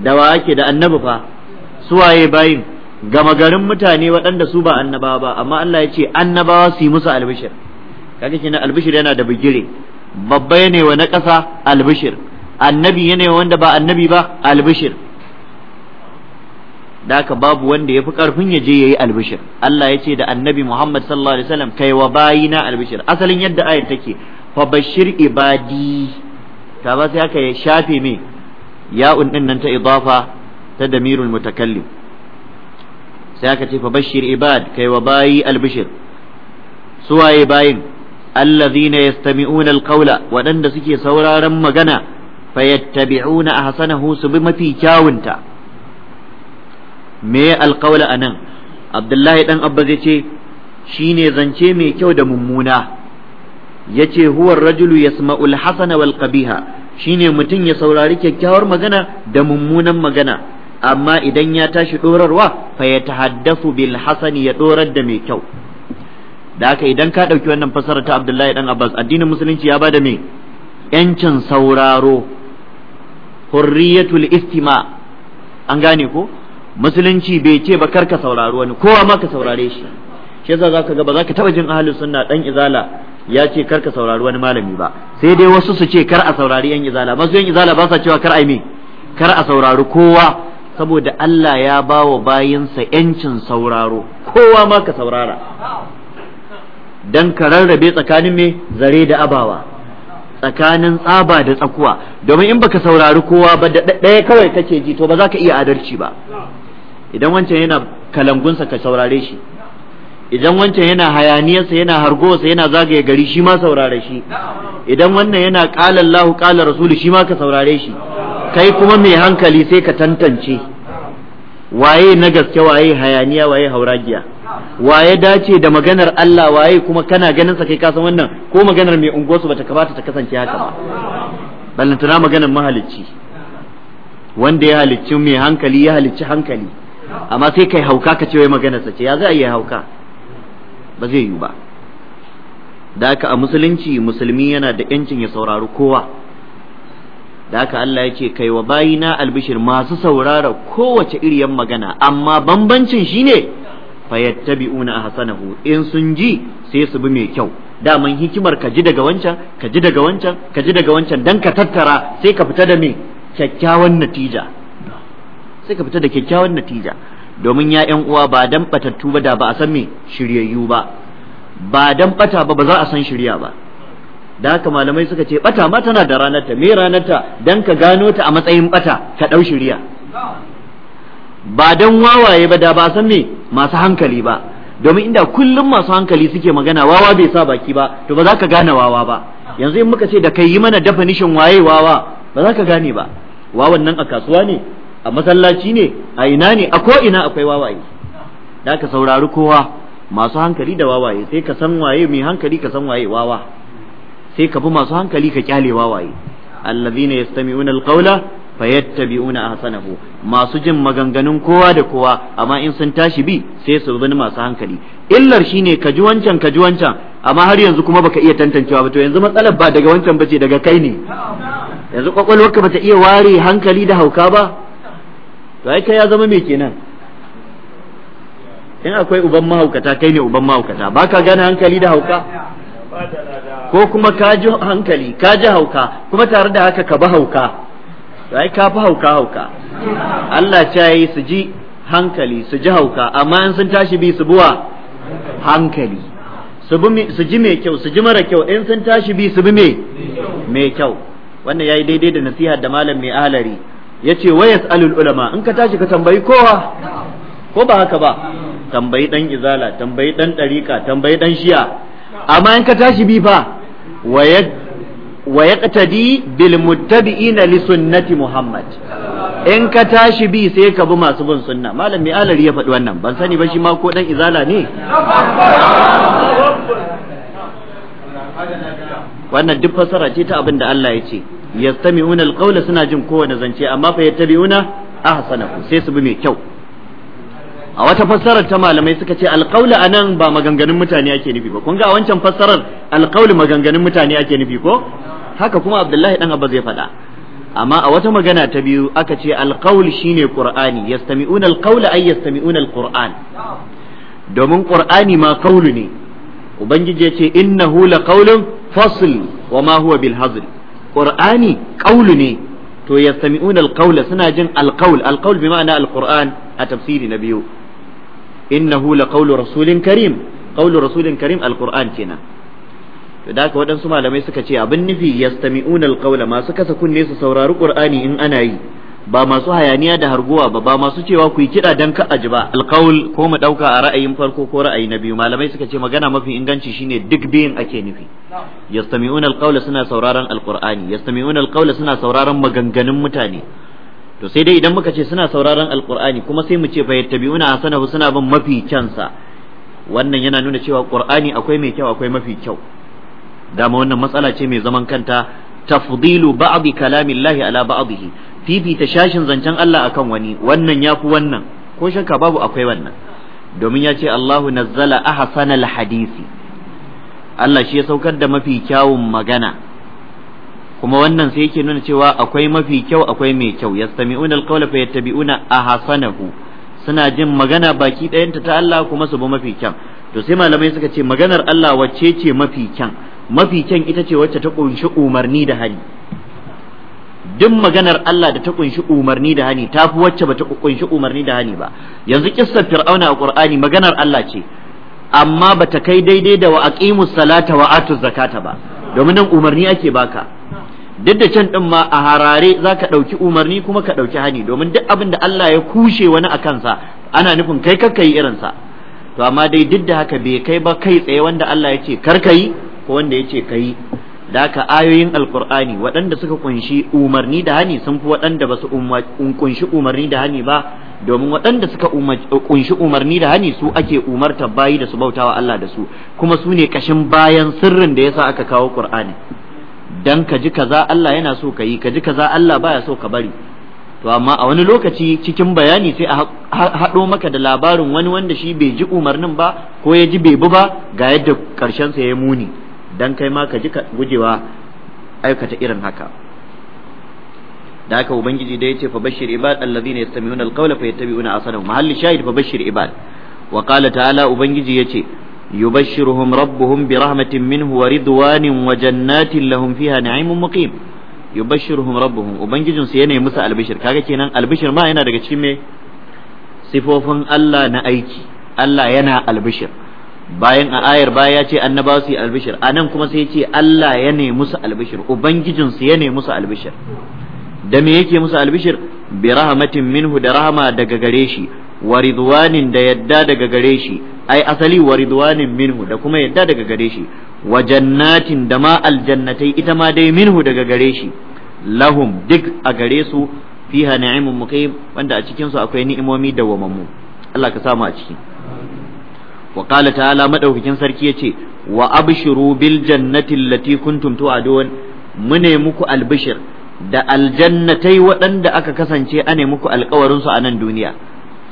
Speaker 1: دواك دا النبفا سواي باين gama garin mutane waɗanda su ba annaba ba amma Allah ya ce annabawa su yi musu albishir kaga kenan albishir yana da bigire babba yana wa na ƙasa albishir annabi yana wanda ba annabi ba albishir da haka babu wanda ya fi karfin ya je ya yi albishir Allah ya ce da annabi Muhammad sallallahu alaihi wasallam kai wa bayina albishir asalin yadda ayar take fa bashir ibadi ta ba sai haka ya shafe me ya din nan ta idafa ta damirul mutakallim sai aka ce fa bashir ibad kai wa bayi albishir suwaye bayin allazina yastami'una alqawla waɗanda suke sauraron magana Fa fayattabi'una ahsanahu su bi mafi kyawunta me alqawla anan abdullahi ɗan abba zai ce shine zance mai kyau da mummuna yace huwa rajulu yasma'ul hasana walkabiha qabiha shine mutum ya saurari kyakkyawar magana da mummunan magana amma idan ya tashi ɗorarwa, fa ya tahaddafu bil hasani ya ɗorar da mai kyau da aka idan ka ɗauki wannan fasara ta abdullahi dan abbas addinin musulunci ya bada me yancin sauraro hurriyatul istima an gane ko musulunci bai ce ba karka sauraro wani kowa ma ka saurare shi shi yasa zaka ga ba zaka taba jin ahlus sunna dan izala ya ce karka saurari wani malami ba sai dai wasu su ce kar a saurari yan izala masu yan izala ba sa cewa kar a me kar a saurari kowa saboda Allah ya bawa bayinsa yancin sauraro kowa ma ka saurara dan ka rarrabe tsakanin me zare da abawa tsakanin tsaba da tsakuwa domin in baka saurari kowa ba da ɗaya kawai kake ji to ba za ka iya adalci ba idan wancan yana kalangunsa ka saurare shi idan wancan yana hayaniyarsa yana hargowarsa yana zagaye gari shi ma saurare shi idan wannan yana ƙala Allahu ƙala Rasulu shi ma ka saurare shi kai kuma mai hankali sai ka tantance waye na gaske waye hayaniya waye hauragiya Wa ya dace da maganar Allah waye kuma kana ganin sa kai kasan wannan ko maganar mai unguwarsu bata kamata ta kasance haka ba tana maganar mahalicci wanda ya halicci mai hankali ya halicci hankali amma sai kai hauka ka ce wai maganar sa ce ya za a yi hauka ba zai yi ba da haka a musulunci musulmi yana da yancin ya saurari kowa da haka Allah ya ce kai wa bayina albishir masu saurara kowace iriyan magana amma bambancin shine ne fayattabi'una ahsanahu in sun ji sai su bi mai kyau daman hikimar ka ji daga wancan ka ji daga wancan ka ji daga wancan dan ka tattara sai ka fita da me kyakkyawan natija sai ka fita da kyakkyawan natija domin ya 'yan uwa ba dan batattu ba da ba a san me shiryayyu ba ba dan bata ba ba za a san shirya ba da haka malamai suka ce bata ma tana da ranarta me ranarta dan ka gano ta a matsayin bata ka dau shirya ba dan wawaye ba da ba san me masu hankali ba domin inda kullum masu hankali suke magana wawa bai sa baki ba to ba za ka gane wawa ba yanzu in muka ce da kai yi mana definition waye wawa ba za ka gane ba wawan nan a kasuwa ne a masallaci ne a ina ne a ko ina akwai wawaye da ka saurari kowa masu hankali da wawaye sai ka san waye mai hankali ka san waye wawa sai ka bi masu hankali ka kyale wawaye allazina yastami'una alqawla fayattabi'una ahsanahu masu jin maganganun kowa da kowa amma in sun tashi bi sai su bi masu hankali illar shine ka ji wancan ka ji wancan amma har yanzu kuma baka iya tantancewa ba to yanzu matsalar ba daga wancan bace daga kai ne yanzu kwakwalwarka bata iya ware hankali da hauka ba to ai kai ya zama me kenan in akwai uban mahaukata kai ne uban mahaukata baka gane hankali da hauka ko kuma kaji hankali kaji hauka kuma tare da haka ka ba hauka ai ka fi hauka hauka Allah ce yi su ji hankali su ji hauka amma in sun tashi bi su buwa hankali su ji mai kyau su ji mara kyau in sun tashi bi su bi mai mai kyau wannan yayi daidai da nasiha da malam mai ahalari yace wa yasalul ulama in ka tashi ka tambayi kowa ko ba haka ba tambayi dan izala tambayi dan Dariqa, tambayi dan shiya amma in ka tashi bi fa wa wa yaqtadi bil muttabi'ina li sunnati Muhammad in ka tashi bi sai ka bi masu bin sunna malam mai alari ya faɗi wannan ban sani ba shi ma ko dan izala ne wannan duk fasara ce ta abinda Allah ya ce yastami'una alqawla suna jin kowane zance amma fa yattabi'una ahsanahu sai su bi mai kyau a wata fassarar ta malamai suka ce alƙaula a nan ba maganganun mutane ake nufi ba kun ga a wancan fassarar alƙauli maganganun mutane ake nufi ko haka kuma abdullahi dan abba zai faɗa amma a wata magana ta biyu aka ce alqaul shine qur'ani yastami'una alqaula ay yastami'una alqur'an domin qur'ani ma kaulu ne ubangiji ya ce innahu laqaulun fasl wa ma huwa bil hazl qur'ani qaulu ne to yastami'una alqaula suna jin alqaul alqaul bi ma'ana alqur'an a tafsiri na biyu innahu laqaulu rasulin karim qaulu rasulin karim alqur'an kenan to da haka waɗansu malamai suka ce abin nufi yastami'una alqawla masu kasa kunne su saurari qur'ani in ana yi ba masu hayaniya da harguwa ba ba masu cewa ku yi kiɗa dan ka aji ba alƙawul ko mu ɗauka a ra'ayin farko ko ra'ayi na biyu malamai suka ce magana mafi inganci shine duk biyin ake nufi yastami'una alqawla suna sauraron alqur'ani yastami'una alqawla suna sauraron maganganun mutane to sai dai idan muka ce suna sauraron alqur'ani kuma sai mu ce fa yattabi'una asanahu suna bin mafi kyansa wannan yana nuna cewa qur'ani akwai mai kyau akwai mafi kyau dama wannan matsala ce mai zaman kanta tafdilu ba'd kalamillahi ala ba'dih fifita shashin zancen Allah akan wani wannan yafi wannan ko shakka babu akwai wannan domin ya ce Allahu nazzala ahsanal hadisi Allah shi ya saukar da mafi kyawun magana kuma wannan sai yake nuna cewa akwai mafi kyau akwai mai kyau yastami'una alqawla fayattabi'una ahsanahu suna jin magana baki ɗayanta ta Allah kuma su bi mafi kyan to sai malamai suka ce maganar Allah wacce ce mafi kyan mafi kyan ita ce wacce ta kunshi umarni da hani duk maganar Allah da ta kunshi umarni da hani ta fi wacce ba ta kunshi umarni da hani ba yanzu kissar fir'auna a qur'ani maganar Allah ce amma ba ta kai daidai da wa aqimus salata wa atuz zakata ba domin nan umarni ake baka duk da can din ma a harare zaka dauki umarni kuma ka dauki hani domin duk abin da Allah ya kushe wani a kansa ana nufin kai kakka yi sa. to amma dai duk da haka bai kai ba kai tsaye wanda Allah ya ce kar ka yi ko wanda ya ce ka yi da ka ayoyin alkur'ani waɗanda suka kunshi umarni da hani sun fi waɗanda ba su kunshi umarni da hani ba domin waɗanda suka kunshi umarni da hani su ake umartar bayi da su bautawa Allah da su kuma su ne kashin bayan sirrin da yasa aka kawo qur'ani dan ka ji kaza Allah yana so ka yi ka ji kaza Allah baya so ka bari to amma a wani lokaci cikin bayani sai a haɗo maka da labarin wani wanda shi bai ji umarnin ba ko ya ji bai bi ba ga yadda karshen sa ya muni dan kai ma ka ji ka gujewa aikata irin haka da haka ubangiji da yace fa bashir ibad alladhina yastami'una alqawla fayattabi'una ahsanahu mahalli shahid fa bashir ibad wa qala ta'ala ubangiji yace yubashshiruhum rabbuhum bi rahmatin minhu wa ridwanin wa jannatin lahum fiha na'imun muqim yubashshiruhum rabbuhum ubangijin su yana musu albishir kaga kenan albishir ma yana daga cikin me sifofin Allah na aiki Allah yana albishir bayan a ayar baya ya ce annaba su yi albishir a nan kuma sai ya ce Allah ya ne musu albishir ubangijinsu ya ne musu albishir da me yake musu albishir bi rahmatin minhu da rahama daga gare shi wa ridwanin da yadda daga gare shi ai asali wa ridwanin minhu da kuma yadda daga gare shi wa jannatin da ma aljannatai ita ma dai minhu daga gare shi lahum duk a gare su fiha na'imun muqim wanda a cikin su akwai ni'imomi da wamamu. Allah ka samu a ciki wa qala ta'ala madaukakin sarki yace wa abshiru bil jannati allati kuntum tu'adun mune muku albishir da aljannatai waɗanda aka kasance ane muku alkawarin su a nan duniya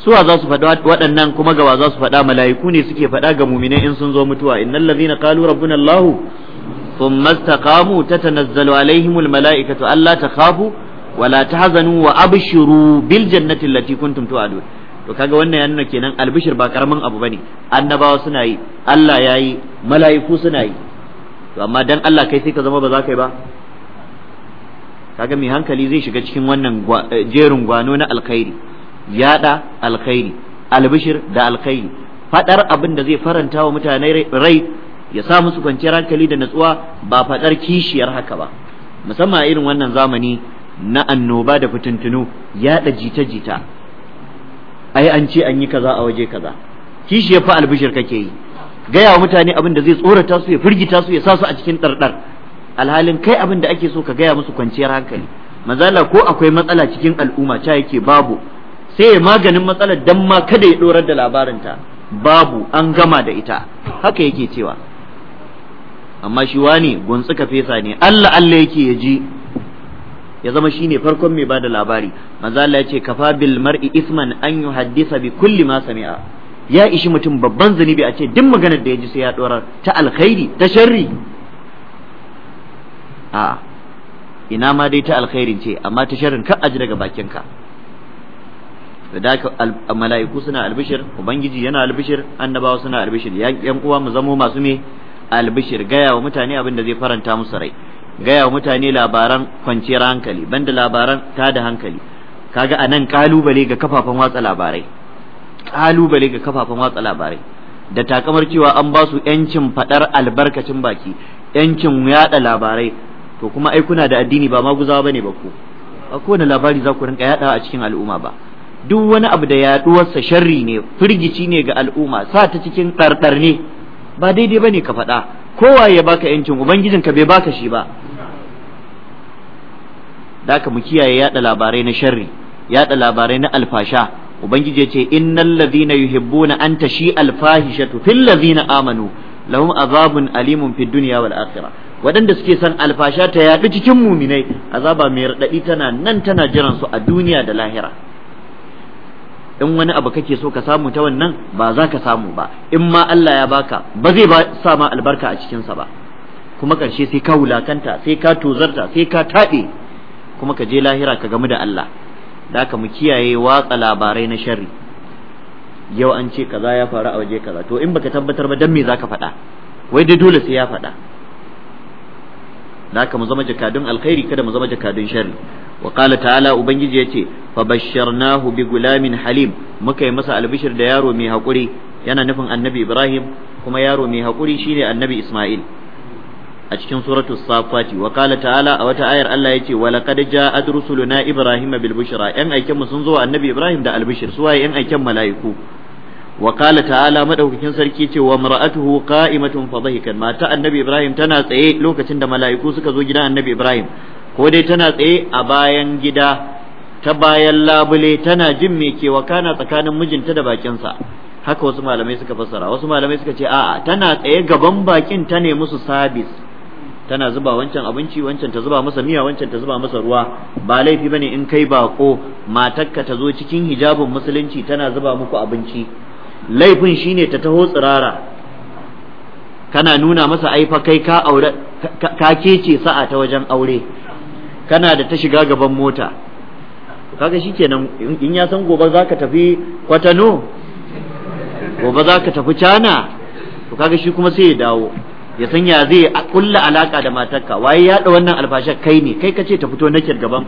Speaker 1: suwa za su faɗa waɗannan kuma gawa za su faɗa mala'iku ne suke faɗa ga muminai in sun zo mutuwa innal ladhina qalu rabbuna allah ثم استقاموا تتنزل عليهم الملائكة ألا تخافوا ولا تحزنوا وأبشروا بالجنة التي كنتم توعدون to kaga wannan ya nuna kenan albishir ba karamin abu bane annabawa suna yi Allah ya yi mala'iku suna yi to amma dan Allah kai sai ka zama ba za ka yi ba kaga mai hankali zai shiga cikin wannan eh, jerin gwano na alkhairi yada alkhairi albishir da alkhairi fadar abin da zai faranta wa mutane rai ya sa musu kwanciyar hankali da natsuwa ba fadar kishiyar haka ba musamman a irin wannan zamani na annoba da fitintunu yada jita-jita ai an ce an yi kaza a waje kaza shi ya fa albishir kake yi gaya wa mutane abin da zai tsorata su ya firgita su ya sa su a cikin ɗarɗar alhalin kai abin da ake so ka gaya musu kwanciyar hankali mazala ko akwai matsala cikin al'umma ca yake babu sai ya maganin matsalar dan ma kada ya dorar da labarinta babu an gama da ita haka yake cewa amma shi wani gunsuka fesa ne Allah Allah yake ya ji ya zama shine farkon mai bada labari manzo Allah ya ce kafa bil mar'i isman an yuhaddisa bi kulli ma sami'a ya ishi mutum babban zunubi a ce duk maganar da ya ji sai ya dora ta alkhairi ta sharri a ina ma dai ta alkhairin ce amma ta sharrin kar a ji daga bakinka da mala'iku suna albishir ubangiji yana albishir annabawa suna albishir yan uwa mu zamo masu me albishir gaya wa mutane abin da zai faranta musu rai gaya mutane labaran kwanciyar hankali banda labaran da hankali kaga a nan kalubale ga kafafen watsa labarai kalubale ga kafafen watsa labarai da takamar cewa an ba su yancin fadar albarkacin baki yancin yada labarai to kuma ai kuna da addini ba maguzawa bane ba ku ko kowane labari za ku rinka yada a cikin al'umma ba duk wani abu da yaduwarsa sharri ne firgici ne ga al'umma sa ta cikin ɗarɗar ne ba daidai bane ka faɗa kowaye ya baka yancin ubangijinka bai baka shi ba da ka mu kiyaye yada labarai na sharri yada labarai na alfasha ubangiji ya ce innal ladhina yuhibbuna an tashi alfahishatu fil ladhina amanu lahum azabun alimun fid dunya wal akhirah waɗanda suke son alfasha ta yaɗu cikin muminai azaba mai raɗaɗi tana nan tana jiran su a duniya da lahira in wani abu kake so ka samu ta wannan ba za ka samu ba in ma Allah ya baka ba zai ba sa ma albarka a cikinsa ba kuma ƙarshe sai ka wulakanta sai ka tozarta sai ka taɗe kuma ka je lahira ka gamu da Allah da ka mu kiyaye watsa labarai na sharri yau an ce kaza ya faru a waje kaza to in baka tabbatar ba dan me zaka faɗa wai dai dole sai ya faɗa naka mu zama jakadun alkhairi kada mu zama jakadun shari wa qala ta'ala ubangiji yace fa basharnahu bi gulamin halim muka yi masa albishir da yaro mai hakuri yana nufin annabi ibrahim kuma yaro mai hakuri shine annabi isma'il a cikin suratul safati wa ta'ala a wata ayar Allah ya ce laqad ja'at rusuluna ibrahima bil bushra yan aiken mu sun zo annabi ibrahim da albishir suwaye yan aiken mala'iku wa qala ta'ala madaukakin sarki ce wa mar'atuhu qa'imatun fa dhahikat mata annabi ibrahim tana tsaye lokacin da mala'iku suka zo gidan annabi ibrahim ko dai tana tsaye a bayan gida ta bayan labule tana jin me ke wakana tsakanin mijinta da bakinsa haka wasu malamai suka fassara wasu malamai suka ce a'a tana tsaye gaban bakin ta ne musu sabis tana zuba wancan abinci wancan ta zuba masa miya wancan ta zuba masa ruwa ba laifi bane in kai bako matarka ta zo cikin hijabin musulunci tana zuba muku abinci laifin shine ta taho tsirara kana nuna masa aifa kai ka aure ka kece sa'a ta wajen aure kana da ta shiga gaban mota kaga shikenan in ya san gobe zaka tafi kwatano gobe zaka tafi cana to kaga shi kuma sai ya dawo ya san zai kulla alaka da matarka waye ya wannan albashar kai ne kai kace ta fito nake gaban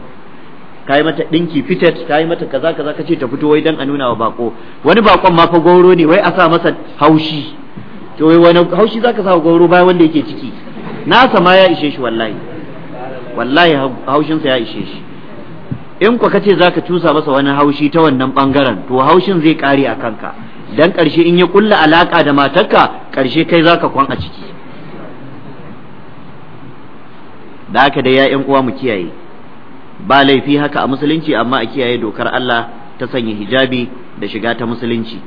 Speaker 1: yi mata dinki fitet yi mata kaza kaza kace ta fito wai dan a nuna wa bako wani bakon ma fa goro ne wai a sa masa haushi to wai wani haushi zaka sa goro bayan wanda yake ciki nasa ma ya ishe shi wallahi wallahi haushin sa ya ishe shi in ku kace zaka cusa masa wani haushi ta wannan bangaren to haushin zai kare a kanka dan karshe in ya kulla alaka da matarka karshe kai zaka kwan a ciki da haka da ya uwa mu kiyaye ba laifi haka a musulunci amma a kiyaye dokar Allah ta sanya hijabi da shiga ta musulunci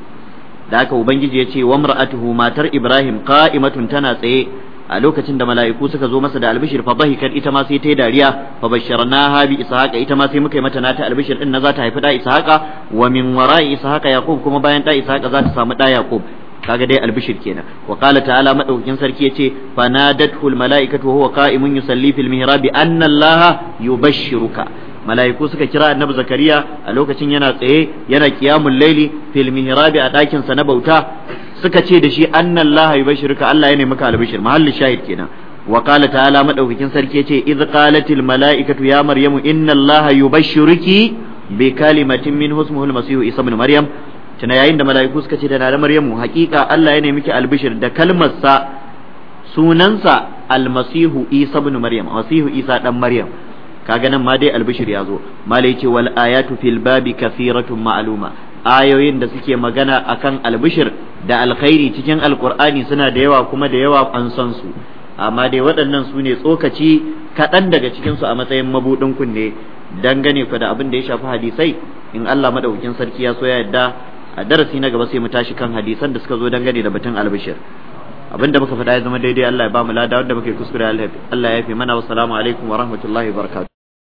Speaker 1: da haka ubangiji ya ce wa mar'atuhu matar Ibrahim qa'imatun tana tsaye a lokacin da mala'iku suka zo masa da albishir fa bahikat ita ma sai ta yi dariya fa basharnaha bi ishaqa ita ma sai muka yi mata nata albishir din na za ta haifi da ishaqa wa min wara'i ishaqa yaqub kuma bayan da ishaqa za ta samu da yaqub kaga dai albishir kenan wa qala ta'ala madaukakin sarki yace fanadatul malaikatu huwa qa'imun yusalli fil mihrabi anna allaha yubashshiruka mala'iku suka kira annabi zakariya a lokacin yana tsaye yana qiyamul laili fil mihrabi a dakin sa na bauta suka ce da shi anna allaha yubashshiruka Allah ya nemi maka albishir mahallin shahid kenan wa qala ta'ala madaukakin sarki yace idh qalatil mala'ikatu ya maryamu inna allaha yubashshiruki bi kalimatin min husmuhu al-masih isa ibn maryam Tana yayin da mala'iku suka ce da na maryamu hakika Allah ya nemi ki albishir da kalmar sunansa almasihu isa ibn maryam masihu isa dan maryam kaga nan ma dai albishir ya zo malai ce wal ayatu fil babi kathiratun ma'luma ayoyin da suke magana akan albishir da alkhairi cikin alqur'ani suna da yawa kuma da yawa an san su amma dai waɗannan su ne tsokaci kaɗan daga cikin su a matsayin mabuɗin kunne dangane fa da abin da ya shafi hadisai in Allah madaukin sarki ya so ya yadda a darasi na gaba sai mu tashi kan hadisan da suka zo dangane da batun albishir
Speaker 2: abinda muka faɗa ya zama daidai Allah ya ba mu lada wanda muke kuskure Allah ya fi mana wa salamu alaikum wa rahmatullahi wa barakatuh